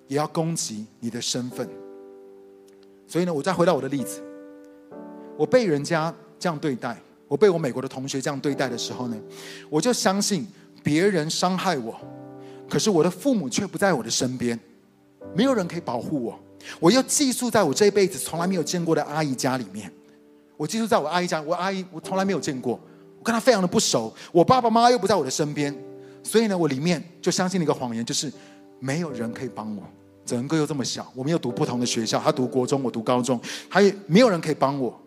Speaker 1: 也要攻擊你的身份。所以呢，我再回到我的例子，我被人家這樣對待。我被我美國的同學這樣對待的時候呢，我就相信別人傷害我，可是我的父母卻不在我的身邊，沒有人可以保護我。我又寄宿在我這一輩子從來沒有見過的阿姨家裡面，我寄宿在我阿姨家，我阿姨我從來沒有見過，我跟她非常的不熟。我爸爸媽媽又不在我的身邊，所以呢，我裡面就相信了一個謊言，就是沒有人可以幫我。整個又這麼小，我們又讀不同的學校，他讀國中，我讀高中，還有沒有人可以幫我？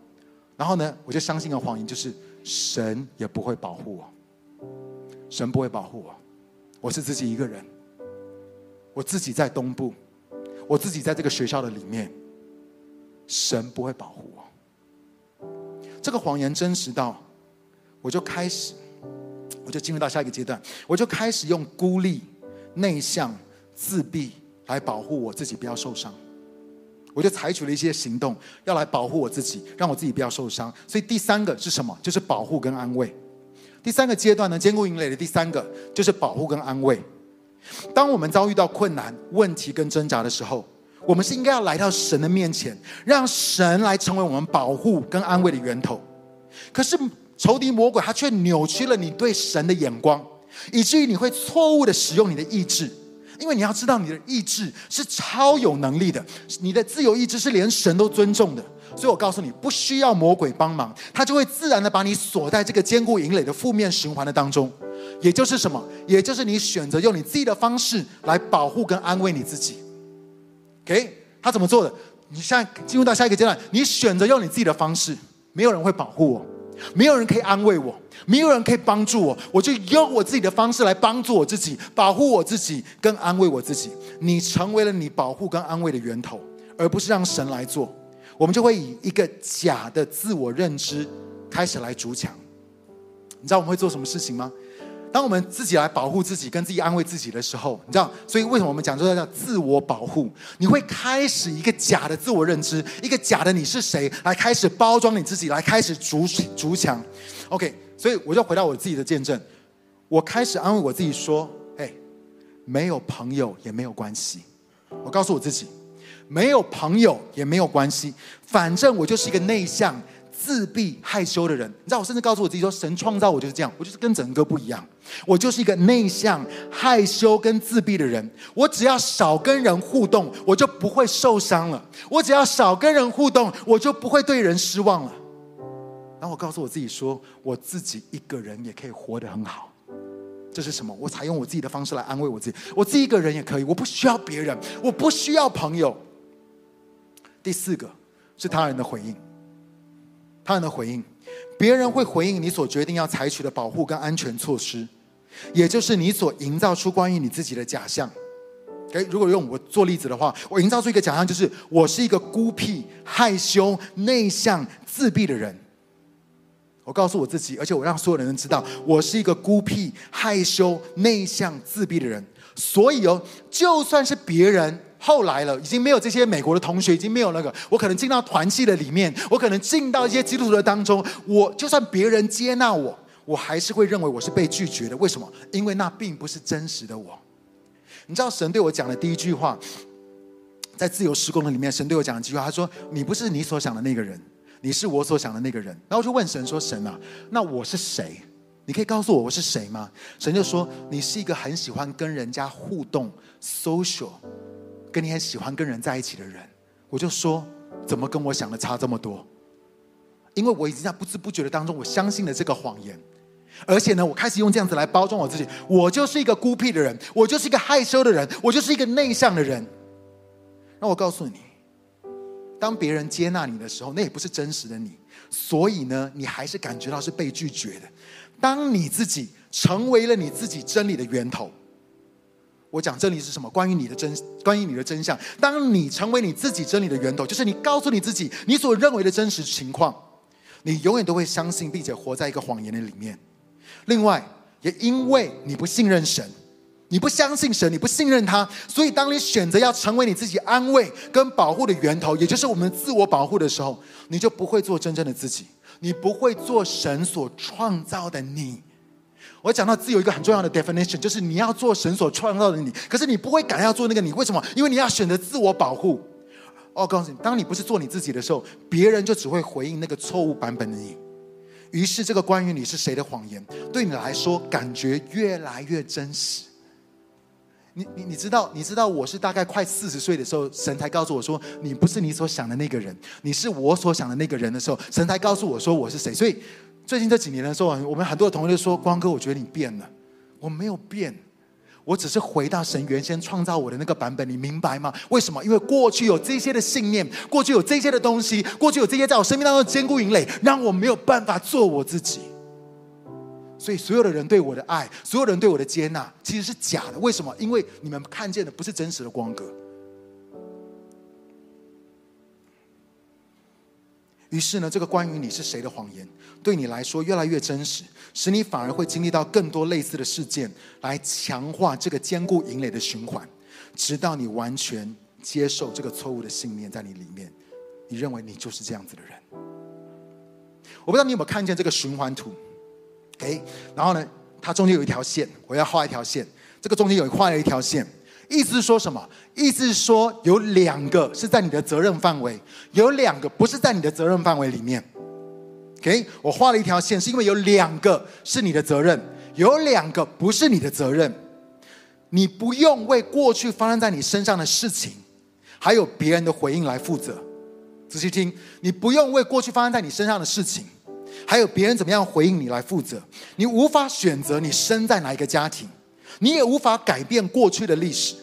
Speaker 1: 然後呢，我就相信一個謊言，就是神也不會保護我，神不會保護我，我是自己一個人，我自己在東部，我自己在這個學校的裡面，神不會保護我。這個謊言真實到，我就開始，我就進入到下一個階段，我就開始用孤立、內向、自閉來保護我自己，不要受傷。我就採取了一些行動，要來保護我自己，讓我自己不要受傷。所以第三個是什麼？就是保護跟安慰。第三個階段呢，堅固營壘的第三個就是保護跟安慰。當我們遭遇到困難、問題跟掙扎的時候，我們是應該要來到神的面前，讓神來成為我們保護跟安慰的源頭。可是仇敵魔鬼，他卻扭曲了你對神的眼光，以至於你會錯誤地使用你的意志。因為你要知道，你的意志是超有能力的，你的自由意志是連神都尊重的。所以我告訴你，不需要魔鬼幫忙，他就會自然的把你鎖在這個堅固營壘的負面循環的當中。也就是什麼？也就是你選擇用你自己的方式來保護跟安慰你自己。OK，他怎麼做的？你現在進入到下一個階段，你選擇用你自己的方式，沒有人會保護我。沒有人可以安慰我，沒有人可以幫助我，我就用我自己的方式來幫助我自己，保護我自己，跟安慰我自己。你成為了你保護跟安慰的源頭，而不是讓神來做，我們就會以一個假的自我認知開始來築牆。你知道我們會做什麼事情嗎？當我們自己來保護自己，跟自己安慰自己的時候，你知道，所以為什麼我們講這個叫自我保護？你會開始一個假的自我認知，一個假的你是誰，來開始包裝你自己，來開始築築牆。OK，所以我就回到我自己的見證，我開始安慰我自己說：“誒，沒有朋友也沒有關係。”我告訴我自己：“沒有朋友也沒有關係，反正我就是一個內向。”自閉害羞的人，你知道，我甚至告訴我自己說：“神創造我就是這樣，我就是跟整個不一樣，我就是一個內向、害羞跟自閉的人。我只要少跟人互動，我就不會受傷了；我只要少跟人互動，我就不會對人失望了。”然後我告訴我自己說：“我自己一個人也可以活得很好。”這是什麼？我採用我自己的方式來安慰我自己：我自己一個人也可以，我不需要別人，我不需要朋友。第四個是他人的回應。他人的回應，別人會回應你所決定要採取的保護跟安全措施，也就是你所營造出關於你自己的假象。誒，如果用我做例子的話，我營造出一個假象，就是我是一個孤僻、害羞、內向、自閉的人。我告訴我自己，而且我讓所有的人知道，我是一個孤僻、害羞、內向、自閉的人。所以哦，就算是別人。後來了，已經沒有這些美國的同學，已經沒有那個。我可能進到團契的裡面，我可能進到一些基督徒的當中，我就算別人接納我，我還是會認為我是被拒絕的。為什麼？因為那並不是真實的我。你知道神對我講的第一句話，在自由時空的裡面，神對我講的一句話，他說：“你不是你所想的那個人，你是我所想的那個人。”然後我就問神說：“神啊，那我是誰？你可以告訴我我是誰嗎？”神就說：“你是一個很喜歡跟人家互動，social。”跟你很喜歡跟人在一起的人，我就說，怎麼跟我想的差這麼多？因為我已經在不知不覺的當中，我相信了這個謊言，而且呢，我開始用這樣子來包裝我自己，我就是一個孤僻的人，我就是一個害羞的人，我就是一個內向的人。那我告訴你，當別人接納你的時候，那也不是真實的你，所以呢，你還是感覺到是被拒絕的。當你自己成為了你自己真理的源頭。我講真理是什麼？關於你的真，關於你的真相。當你成為你自己真理的源頭，就是你告訴你自己你所認為的真實情況，你永遠都會相信，並且活在一個謊言的裡面。另外，也因為你不信任神，你不相信神，你不信任他，所以當你選擇要成為你自己安慰跟保護的源頭，也就是我們自我保護的時候，你就不會做真正的自己，你不會做神所創造的你。我講到自由一個很重要的 definition，就是你要做神所創造的你。可是你不會敢要做那個你，為什麼？因為你要選擇自我保護。我、哦、告訴你，當你不是做你自己的時候，別人就只會回應那個錯誤版本的你。於是，這個關於你是誰的謊言，對你來說感覺越來越真實。你你你知道，你知道我是大概快四十歲的時候，神才告訴我說，你不是你所想的那個人，你是我所想的那個人的時候，神才告訴我說我是誰。所以。最近這幾年的時候，我們很多的同學說：“光哥，我覺得你變了。”我沒有變，我只是回到神原先創造我的那個版本。你明白嗎？為什麼？因為過去有這些的信念，過去有這些的東西，過去有這些在我生命當中的堅固營壘，讓我沒有辦法做我自己。所以，所有的人對我的愛，所有人對我的接納，其實是假的。為什麼？因為你們看見的不是真實的光哥。於是呢，這個關於你是誰的謊言。對你來說越來越真實，使你反而會經歷到更多類似的事件，來強化這個堅固營壘的循環，直到你完全接受這個錯誤的信念在你裡面，你認為你就是這樣子的人。我不知道你有沒有看見這個循環圖，誒，然後呢，它中間有一條線，我要畫一條線。這個中間有畫了一條線，意思是說什麼？意思是說有兩個是在你的責任範圍，有兩個不是在你的責任範圍裡面。Okay? 我畫了一條線，是因為有兩個是你的責任，有兩個不是你的責任。你不用為過去發生在你身上的事情，還有別人的回應來負責。仔細聽，你不用為過去發生在你身上的事情，還有別人怎麼樣回應你來負責。你無法選擇你生在哪一個家庭，你也無法改變過去的歷史。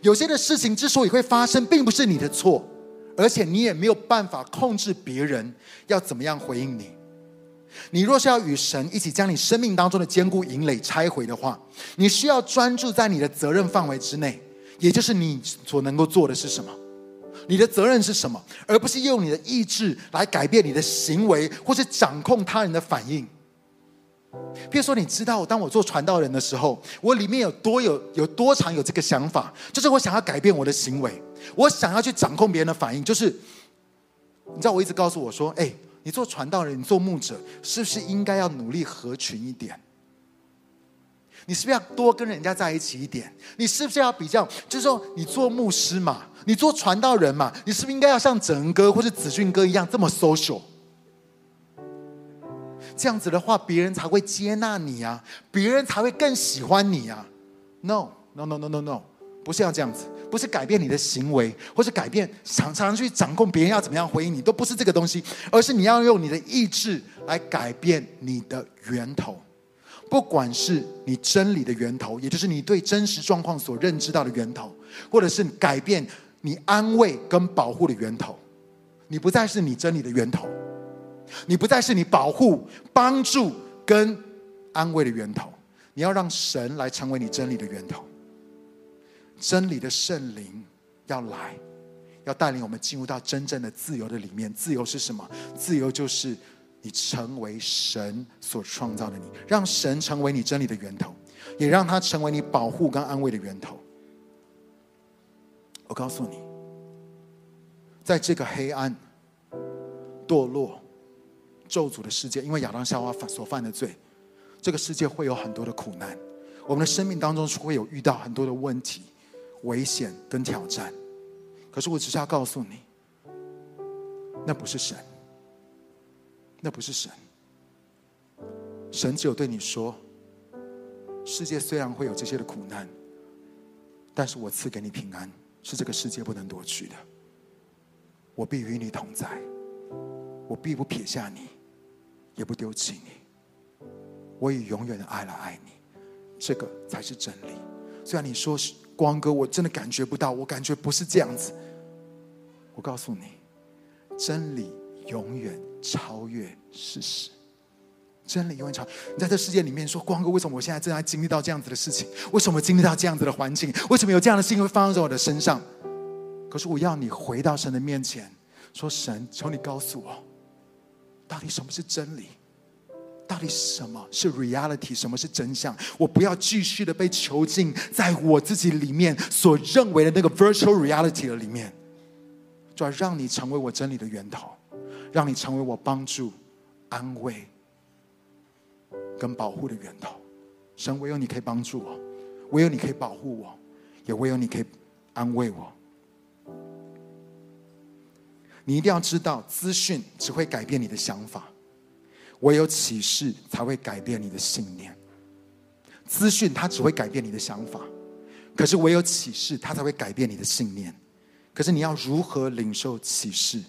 Speaker 1: 有些的事情之所以會發生，並不是你的錯，而且你也沒有辦法控制別人要怎麼樣回應你。你若是要與神一起將你生命當中的堅固營壘拆毀的話，你需要專注在你的責任範圍之內，也就是你所能夠做的是什麼，你的責任是什麼，而不是用你的意志來改變你的行為，或是掌控他人的反應。比如說，你知道，當我做傳道人的時候，我裡面有多有有多常有這個想法，就是我想要改變我的行為，我想要去掌控別人的反應，就是你知道，我一直告訴我說，哎。你做傳道人，你做牧者，是不是應該要努力合群一點？你是不是要多跟人家在一起一點？你是不是要比較？就是說，你做牧師嘛，你做傳道人嘛，你是不是應該要像整哥或者子俊哥一樣這麼 social？這樣子的話，別人才會接納你啊，別人才會更喜歡你啊。No，no，no，no，no，no，no, no, no, no, no. 不是要這樣子。不是改變你的行為，或是改變常常去掌控別人要怎麼樣回應你，都不是這個東西。而是你要用你的意志來改變你的源頭，不管是你真理的源頭，也就是你對真實狀況所認知到的源頭，或者是你改變你安慰跟保護的源頭。你不再是你真理的源頭，你不再是你保護、幫助跟安慰的源頭。你要讓神來成為你真理的源頭。真理的聖靈要來，要帶領我們進入到真正的自由的裡面。自由是什麼？自由就是你成為神所創造的你，讓神成為你真理的源頭，也讓他成為你保護跟安慰的源頭。我告訴你，在這個黑暗、墮落、咒詛的世界，因為亞當夏娃所犯的罪，這個世界會有很多的苦難，我們的生命當中是會有遇到很多的問題，危險跟挑戰，可是我只是要告訴你，那不是神，那不是神。神只有對你說：世界雖然會有這些的苦難，但是我賜給你平安，是這個世界不能奪取的。我必與你同在，我必不撇下你，也不丟棄你。我以永遠的愛來愛你，這個才是真理。雖然你說是。光哥，我真的感覺不到，我感覺不是這樣子。我告訴你，真理永遠超越事實，真理永遠超越。你在這世界裡面說，光哥，為什麼我現在正在經歷到這樣子的事情？為什麼經歷到這樣子的環境？為什麼有這樣的事會發生在我的身上？可是我要你回到神的面前，說神，求你告訴我，到底什麼是真理？到底什麼是 reality，什麼是真相？我不要繼續的被囚禁在我自己裡面所認為的那個 virtual reality 裡面。就要讓你成為我真理的源頭，讓你成為我幫助、安慰、跟保護的源頭。神，唯有你可以幫助我，唯有你可以保護我，也唯有你可以安慰我。你一定要知道，資訊只會改變你的想法。唯有啟示才會改變你的信念，資訊它只會改變你的想法，可是唯有啟示它才會改變你的信念。可是你要如何領受啟示？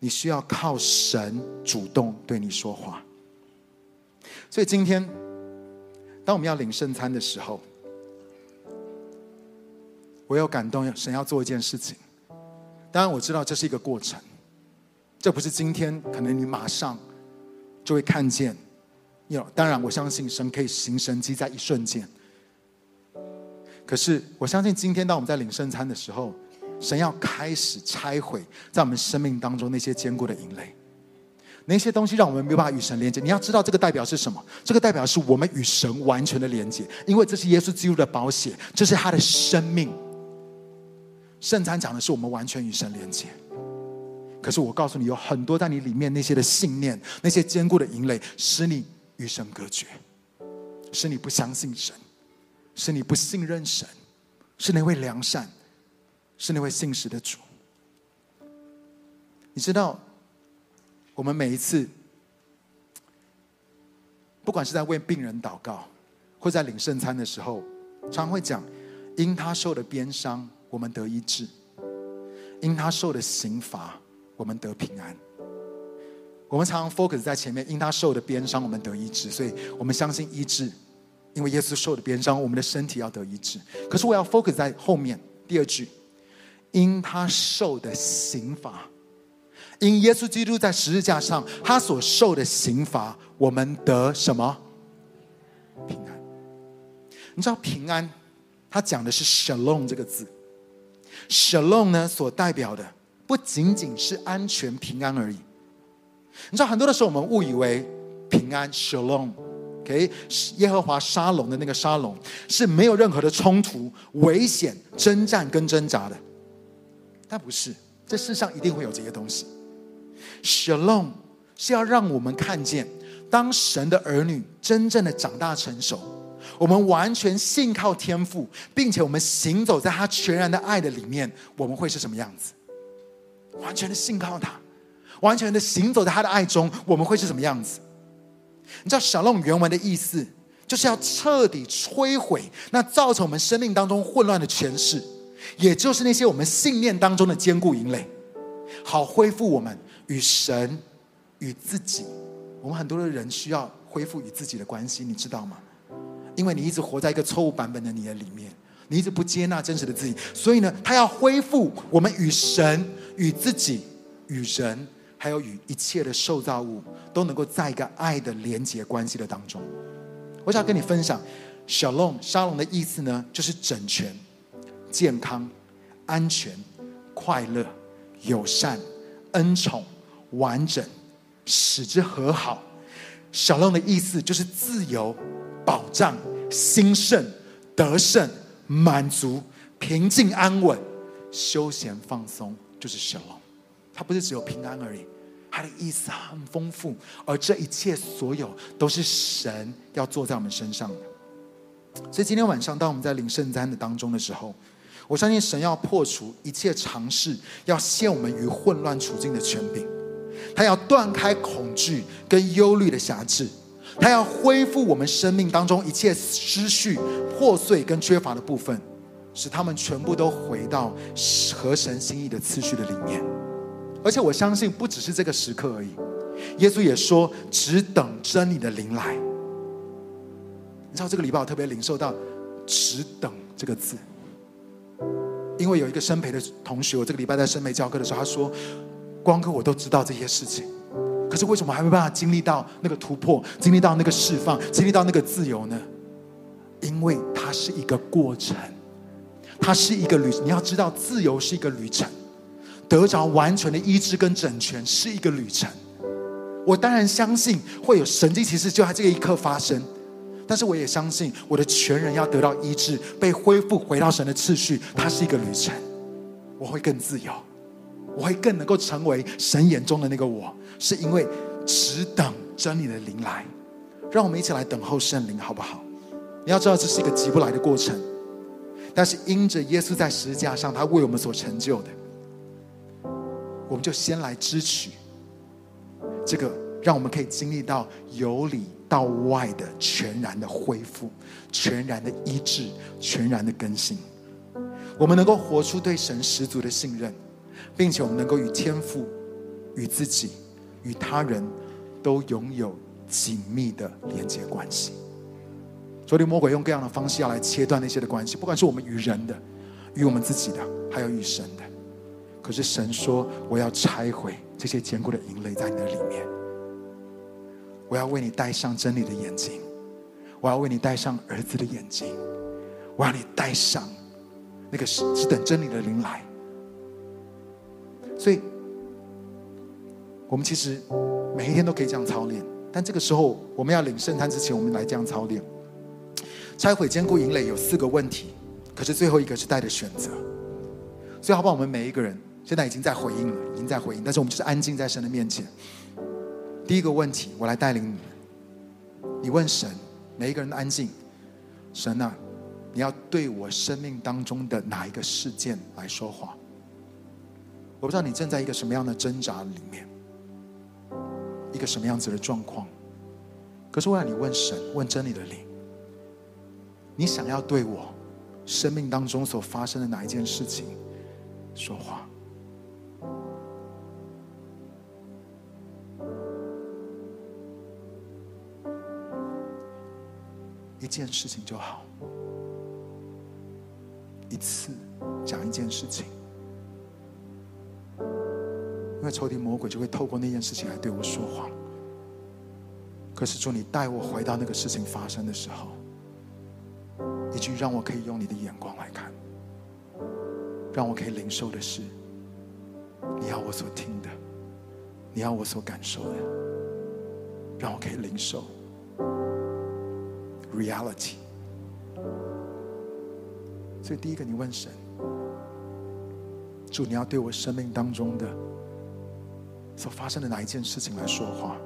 Speaker 1: 你需要靠神主動對你說話。所以今天，當我們要領聖餐的時候，我有感動神要做一件事情。當然我知道這是一個過程，這不是今天，可能你馬上。就會看見，有當然，我相信神可以行神蹟在一瞬間。可是我相信，今天當我們在領聖餐的時候，神要開始拆毀在我們生命當中那些堅固的營壘，那些東西讓我們沒有辦法與神連接。你要知道，這個代表是什麼？這個代表是我們與神完全的連接，因為這是耶穌基督的寶血，這是他的生命。聖餐講的是我們完全與神連接。可是我告訴你，有很多在你裡面那些的信念，那些堅固的營壘，使你與神隔絕，使你不相信神，使你不信任神，是那位良善，是那位信實的主。你知道，我們每一次，不管是在為病人禱告，或在領聖餐的時候，常會講：因他受的鞭傷，我們得醫治；因他受的刑罰。我們得平安。我們常常 focus 在前面，因他受的鞭傷，我們得醫治，所以我們相信醫治，因為耶穌受的鞭傷，我們的身體要得醫治。可是我要 focus 在後面第二句，因他受的刑罰，因耶穌基督在十字架上他所受的刑罰，我們得什麼？平安。你知道平安，他講的是 Shalom 這個字，Shalom 呢，所代表的。不僅僅是安全平安而已，你知道很多的時候，我們誤以為平安 Shalom，okay? 耶和華沙龍的那個沙龍是沒有任何的衝突、危險、征戰跟掙扎的，但不是，這世上一定會有這些東西。Shalom 是要讓我們看見，當神的兒女真正的長大成熟，我們完全信靠天父，並且我們行走在他全然的愛的裡面，我們會是什麼樣子？完全的信靠他，完全的行走在他的愛中，我們會是什麼樣子？你知道小浪原文的意思，就是要徹底摧毀那造成我們生命當中混亂的詮釋，也就是那些我們信念當中的堅固營壘，好恢復我們與神與自己。我們很多的人需要恢復與自己的關係，你知道嗎？因為你一直活在一個錯誤版本的你的裡面，你一直不接納真實的自己，所以呢，他要恢復我們與神。與自己、與人，還有與一切的受造物，都能夠在一個愛的連結關係的當中。我想跟你分享，沙龍沙龍的意思呢，就是整全、健康、安全、快樂、友善、恩寵、完整，使之和好。沙龍的意思就是自由、保障、興盛、得勝、滿足、平靜安穩、休閒放鬆。就是神哦，他不是只有平安而已，他的意思很豐富，而這一切所有都是神要做在我們身上的。所以今天晚上，當我們在領聖餐的當中的時候，我相信神要破除一切嘗試要陷我們於混亂處境的權柄，他要斷開恐懼跟憂慮的轄制，他要恢復我們生命當中一切失去、破碎跟缺乏的部分。使他們全部都回到和神心意的次序的裡面，而且我相信不只是這個時刻而已。耶穌也說：“只等真理的靈來。”你知道這個禮拜我特別領受到“只等”這個字，因為有一個生培的同學，我這個禮拜在生培教課的時候，他說：“光哥，我都知道這些事情，可是為什麼還沒辦法經歷到那個突破，經歷到那個釋放，經歷到那個自由呢？因為它是一個過程。”它是一個旅，你要知道，自由是一個旅程，得着完全的醫治跟整全是一個旅程。我當然相信會有神蹟奇事就在這一刻發生，但是我也相信我的全人要得到醫治，被恢復回到神的次序，它是一個旅程。我會更自由，我會更能夠成為神眼中的那個我，是因為只等真理的臨來。讓我們一起來等候聖靈，好不好？你要知道，這是一個急不來的過程。但是，因着耶穌在十字架上，他為我們所成就的，我們就先來支取這個，讓我們可以經歷到由裡到外的全然的恢復、全然的醫治、全然的更新。我們能夠活出對神十足的信任，並且我們能夠與天父、與自己、與他人都擁有緊密的連接關係。所以魔鬼用各樣的方式要來切斷那些的關係，不管是我們與人的、與我們自己的，還有與神的。可是神說：“我要拆毀這些堅固的營壘在你的裡面。我要為你戴上真理的眼睛，我要為你戴上兒子的眼睛，我要你戴上那個是是等真理的靈來。所以，我們其實每一天都可以這樣操練。但這個時候，我們要領聖餐之前，我們來這樣操練。拆毀堅固營壘有四個問題，可是最後一個是帶着選擇，所以好不好，我們每一個人現在已經在回應了，已經在回應，但是我們就是安靜在神的面前。第一個問題，我來帶領你們，你問神，每一個人的安靜，神啊，你要對我生命當中的哪一個事件來說話？我不知道你正在一個什麼樣的掙扎裡面，一個什麼樣子的狀況，可是我要你問神，問真理的靈。你想要對我生命當中所發生的哪一件事情說話？一件事情就好，一次講一件事情，因為仇敵魔鬼就會透過那件事情來對我說謊。可是主，你帶我回到那個事情發生的時候。一句讓我可以用你的眼光來看，讓我可以領受的是，你要我所聽的，你要我所感受的，讓我可以領受。Reality。所以第一個，你問神，主，你要對我生命當中的所發生的哪一件事情來說話？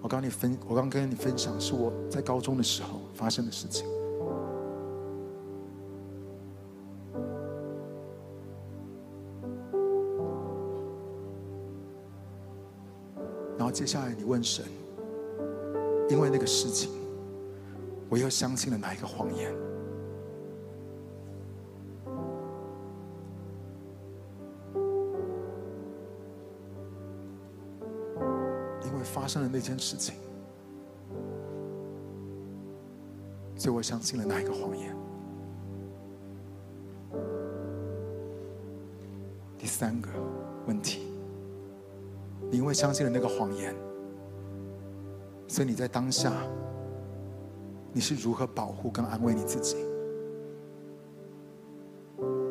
Speaker 1: 我剛跟你分，我剛跟你分享是我在高中的時候發生的事情。接下來，你問神：因為那個事情，我又相信了哪一個謊言？因為發生了那件事情，所以我相信了哪一個謊言？第三個問題。你因為相信了那個謊言，所以你在當下，你是如何保護跟安慰你自己？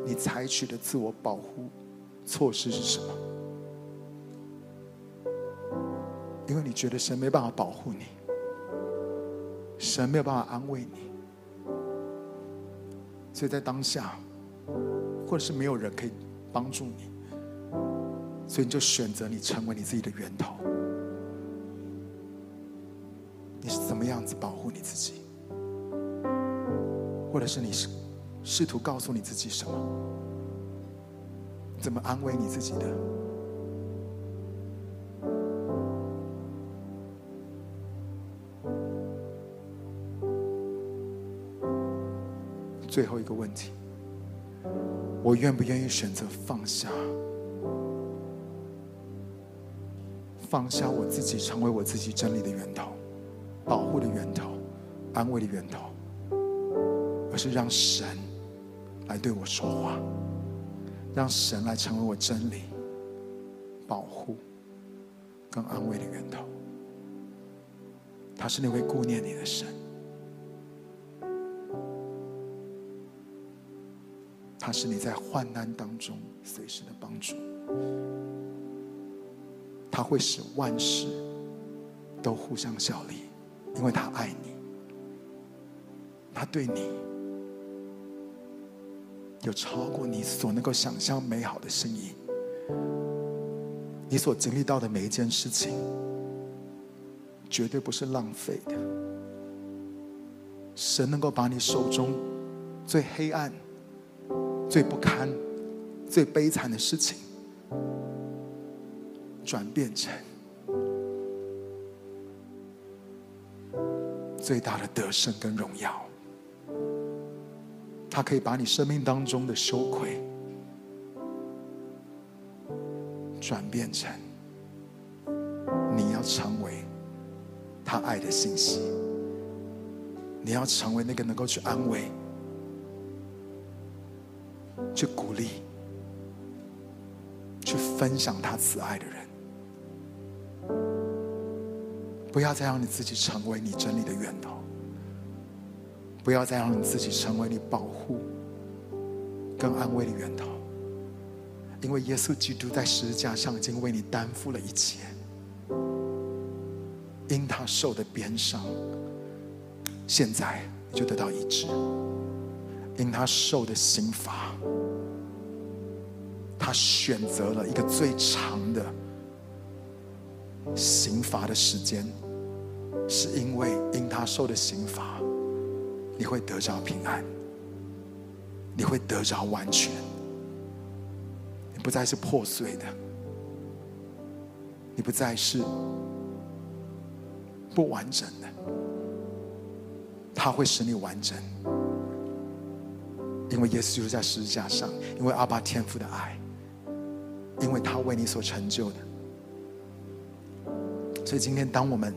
Speaker 1: 你採取的自我保護措施是什麼？因為你覺得神沒辦法保護你，神沒有辦法安慰你，所以在當下，或者是沒有人可以幫助你。所以你就選擇你成為你自己的源頭。你是怎麼樣子保護你自己？或者是你是試圖告訴你自己什麼？怎麼安慰你自己的？最後一個問題：我願不願意選擇放下？放下我自己，成為我自己真理的源頭、保護的源頭、安慰的源頭，而是讓神來對我說話，讓神來成為我真理、保護、跟安慰的源頭。他是那位顧念你的神，他是你在患難當中隨時的幫助。他會使萬事都互相效力，因為他愛你，他對你有超過你所能夠想象美好的生意。你所經歷到的每一件事情，絕對不是浪費的。神能夠把你手中最黑暗、最不堪、最悲慘的事情，轉變成最大的得勝跟榮耀。他可以把你生命當中的羞愧轉變成你要成為他愛的信息。你要成為那個能夠去安慰、去鼓勵、去分享他慈愛的人。不要再讓你自己成為你真理的源頭，不要再讓你自己成為你保護、跟安慰的源頭，因為耶穌基督在十字架上已經為你擔負了一切。因他受的鞭傷，現在就得到醫治；因他受的刑罰，他選擇了一個最長的刑罰的時間。是因為因他受的刑罰，你會得着平安，你會得着完全，你不再是破碎的，你不再是不完整的，他會使你完整，因為耶穌就是在十字架上，因為阿爸天父的愛，因為他為你所成就的，所以今天當我們。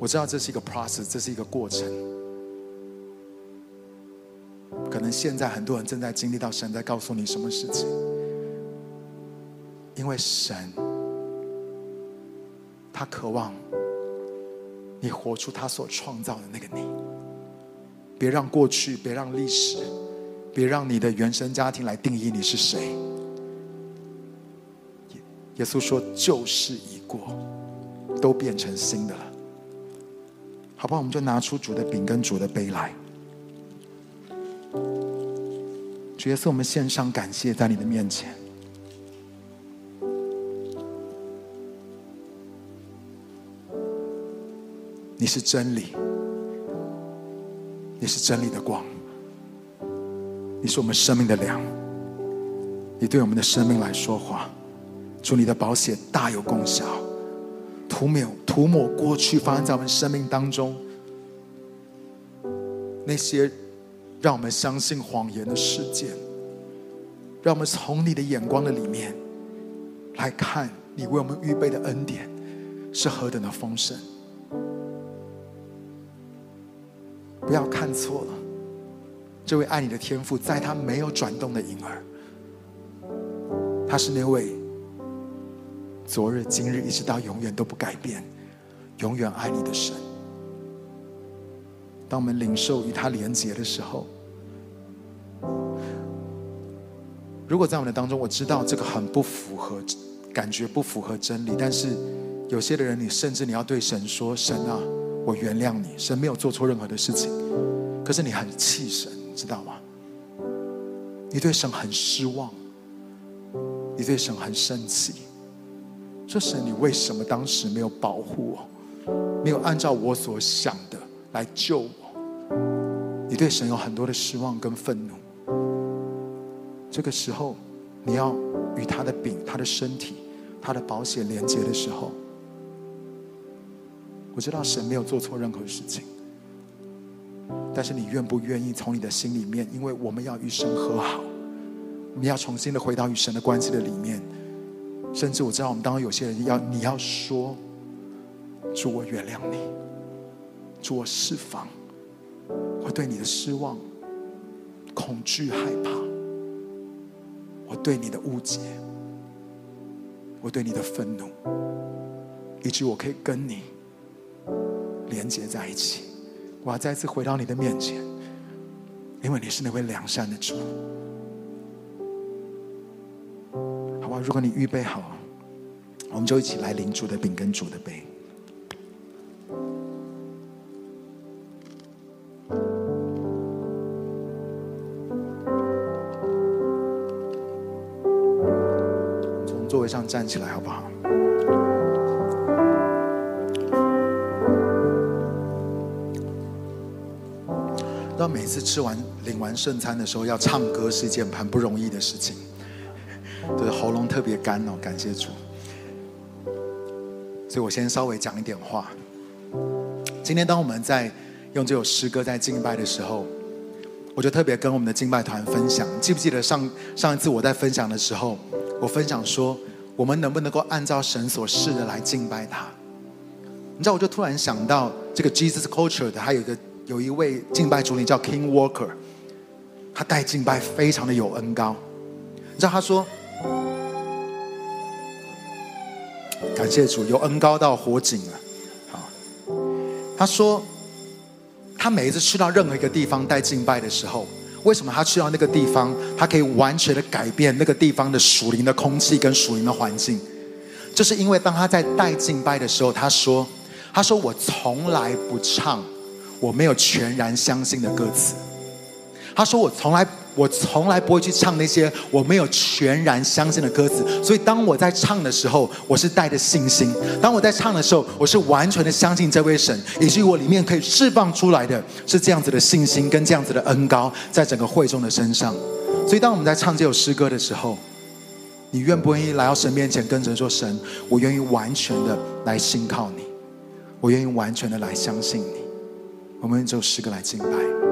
Speaker 1: 我知道這是一個 process，這是一個過程。可能現在很多人正在經歷到神在告訴你什麼事情，因為神他渴望你活出他所創造的那個你。別讓過去，別讓歷史，別讓你的原生家庭來定義你是誰。耶,耶穌說：“舊事已過，都變成新的了。”好不好，我們就拿出主的餅跟主的杯來，主耶穌我們獻上感謝，在你的面前。你是真理，你是真理的光，你是我們生命的糧，你對我們的生命來說話，祝你的寶血大有功效。塗抹塗抹過去發生在我們生命當中那些讓我們相信謊言的事件，讓我們從你的眼光的裡面來看，你為我們預備的恩典是何等的豐盛。不要看錯了，這位愛你的天父，在他沒有轉動的影兒，他是那位，昨日、今日，一直到永遠都不改變，永遠愛你的神。當我們領受與他連結的時候，如果在我們的當中，我知道這個很不符合，感覺不符合真理。但是，有些的人，你甚至你要對神說：“神啊，我原諒你，神沒有做錯任何的事情。”可是你很氣神，知道嗎？你對神很失望，你對神很生氣。這神，你為什麼當時沒有保護我，沒有按照我所想的來救我？你對神有很多的失望跟憤怒。這個時候，你要與他的餅、他的身體、他的寶血連接的時候，我知道神沒有做錯任何事情。但是你願不願意從你的心裡面，因為我們要與神和好，你要重新的回到與神的關係的裡面？甚至我知道，我們當中有些人要，你要說，主我原諒你，主我釋放我對你的失望、恐懼、害怕，我對你的誤解，我對你的憤怒，以及我可以跟你連接在一起。我要再次回到你的面前，因為你是那位良善的主。哇！如果你預備好，我們就一起來領主的餅跟主的杯。從座位上站起來，好不好？到每次吃完領完聖餐的時候，要唱歌是一件很不容易的事情，對喉嚨。特別乾哦，感謝主。所以我先稍微講一點話。今天當我們在用這首詩歌在敬拜的時候，我就特別跟我們的敬拜團分享。記不記得上上一次我在分享的時候，我分享說我們能不能夠按照神所示的來敬拜他？你知道，我就突然想到這個 Jesus Culture 的，還有一個有一位敬拜主領叫 King Walker，他帶敬拜非常的有恩膏。你知道，他說。感謝主，有恩高到火警了。好，他說，他每一次去到任何一個地方帶敬拜的時候，為什麼他去到那個地方，他可以完全的改變那個地方的屬靈的空氣跟屬靈的環境？就是因為當他在帶敬拜的時候，他說，他說我從來不唱我沒有全然相信的歌詞。他說我從來。我從來不會去唱那些我沒有全然相信的歌詞，所以當我在唱的時候，我是帶着信心；當我在唱的時候，我是完全的相信這位神，以及我裡面可以釋放出來的是這樣子的信心跟這樣子的恩膏，在整個會眾的身上。所以當我們在唱這首詩歌的時候，你願不願意來到神面前，跟神說：“神，我願意完全的來信靠你，我願意完全的來相信你。”我們用這首詩歌來敬拜。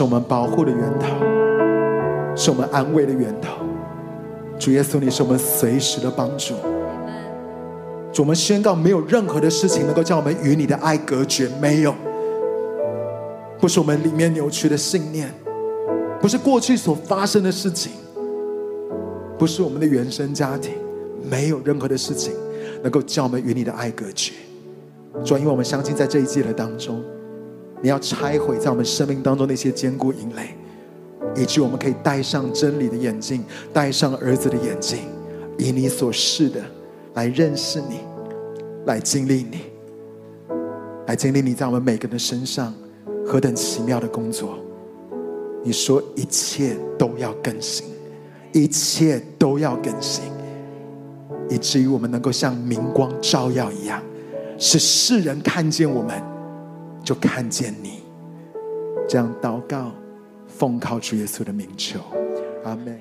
Speaker 1: 是我們保護的源頭，是我們安慰的源頭。主耶穌，你是我們隨時的幫助。主，我們宣告，沒有任何的事情能夠叫我們與你的愛隔絕。沒有，不是我們裡面扭曲的信念，不是過去所發生的事情，不是我們的原生家庭，沒有任何的事情能夠叫我們與你的愛隔絕。主，因為我們相信，在這一季的當中。你要拆毀在我們生命當中那些堅固營壘，以至於我們可以戴上真理的眼鏡，戴上兒子的眼鏡，以你所示的來認識你，來經歷你，來經歷你在我們每個人的身上何等奇妙的工作。你說一切都要更新，一切都要更新，以至於我們能夠像明光照耀一樣，使世人看見我們。就看見你，這樣禱告，奉靠主耶穌的名求，阿門。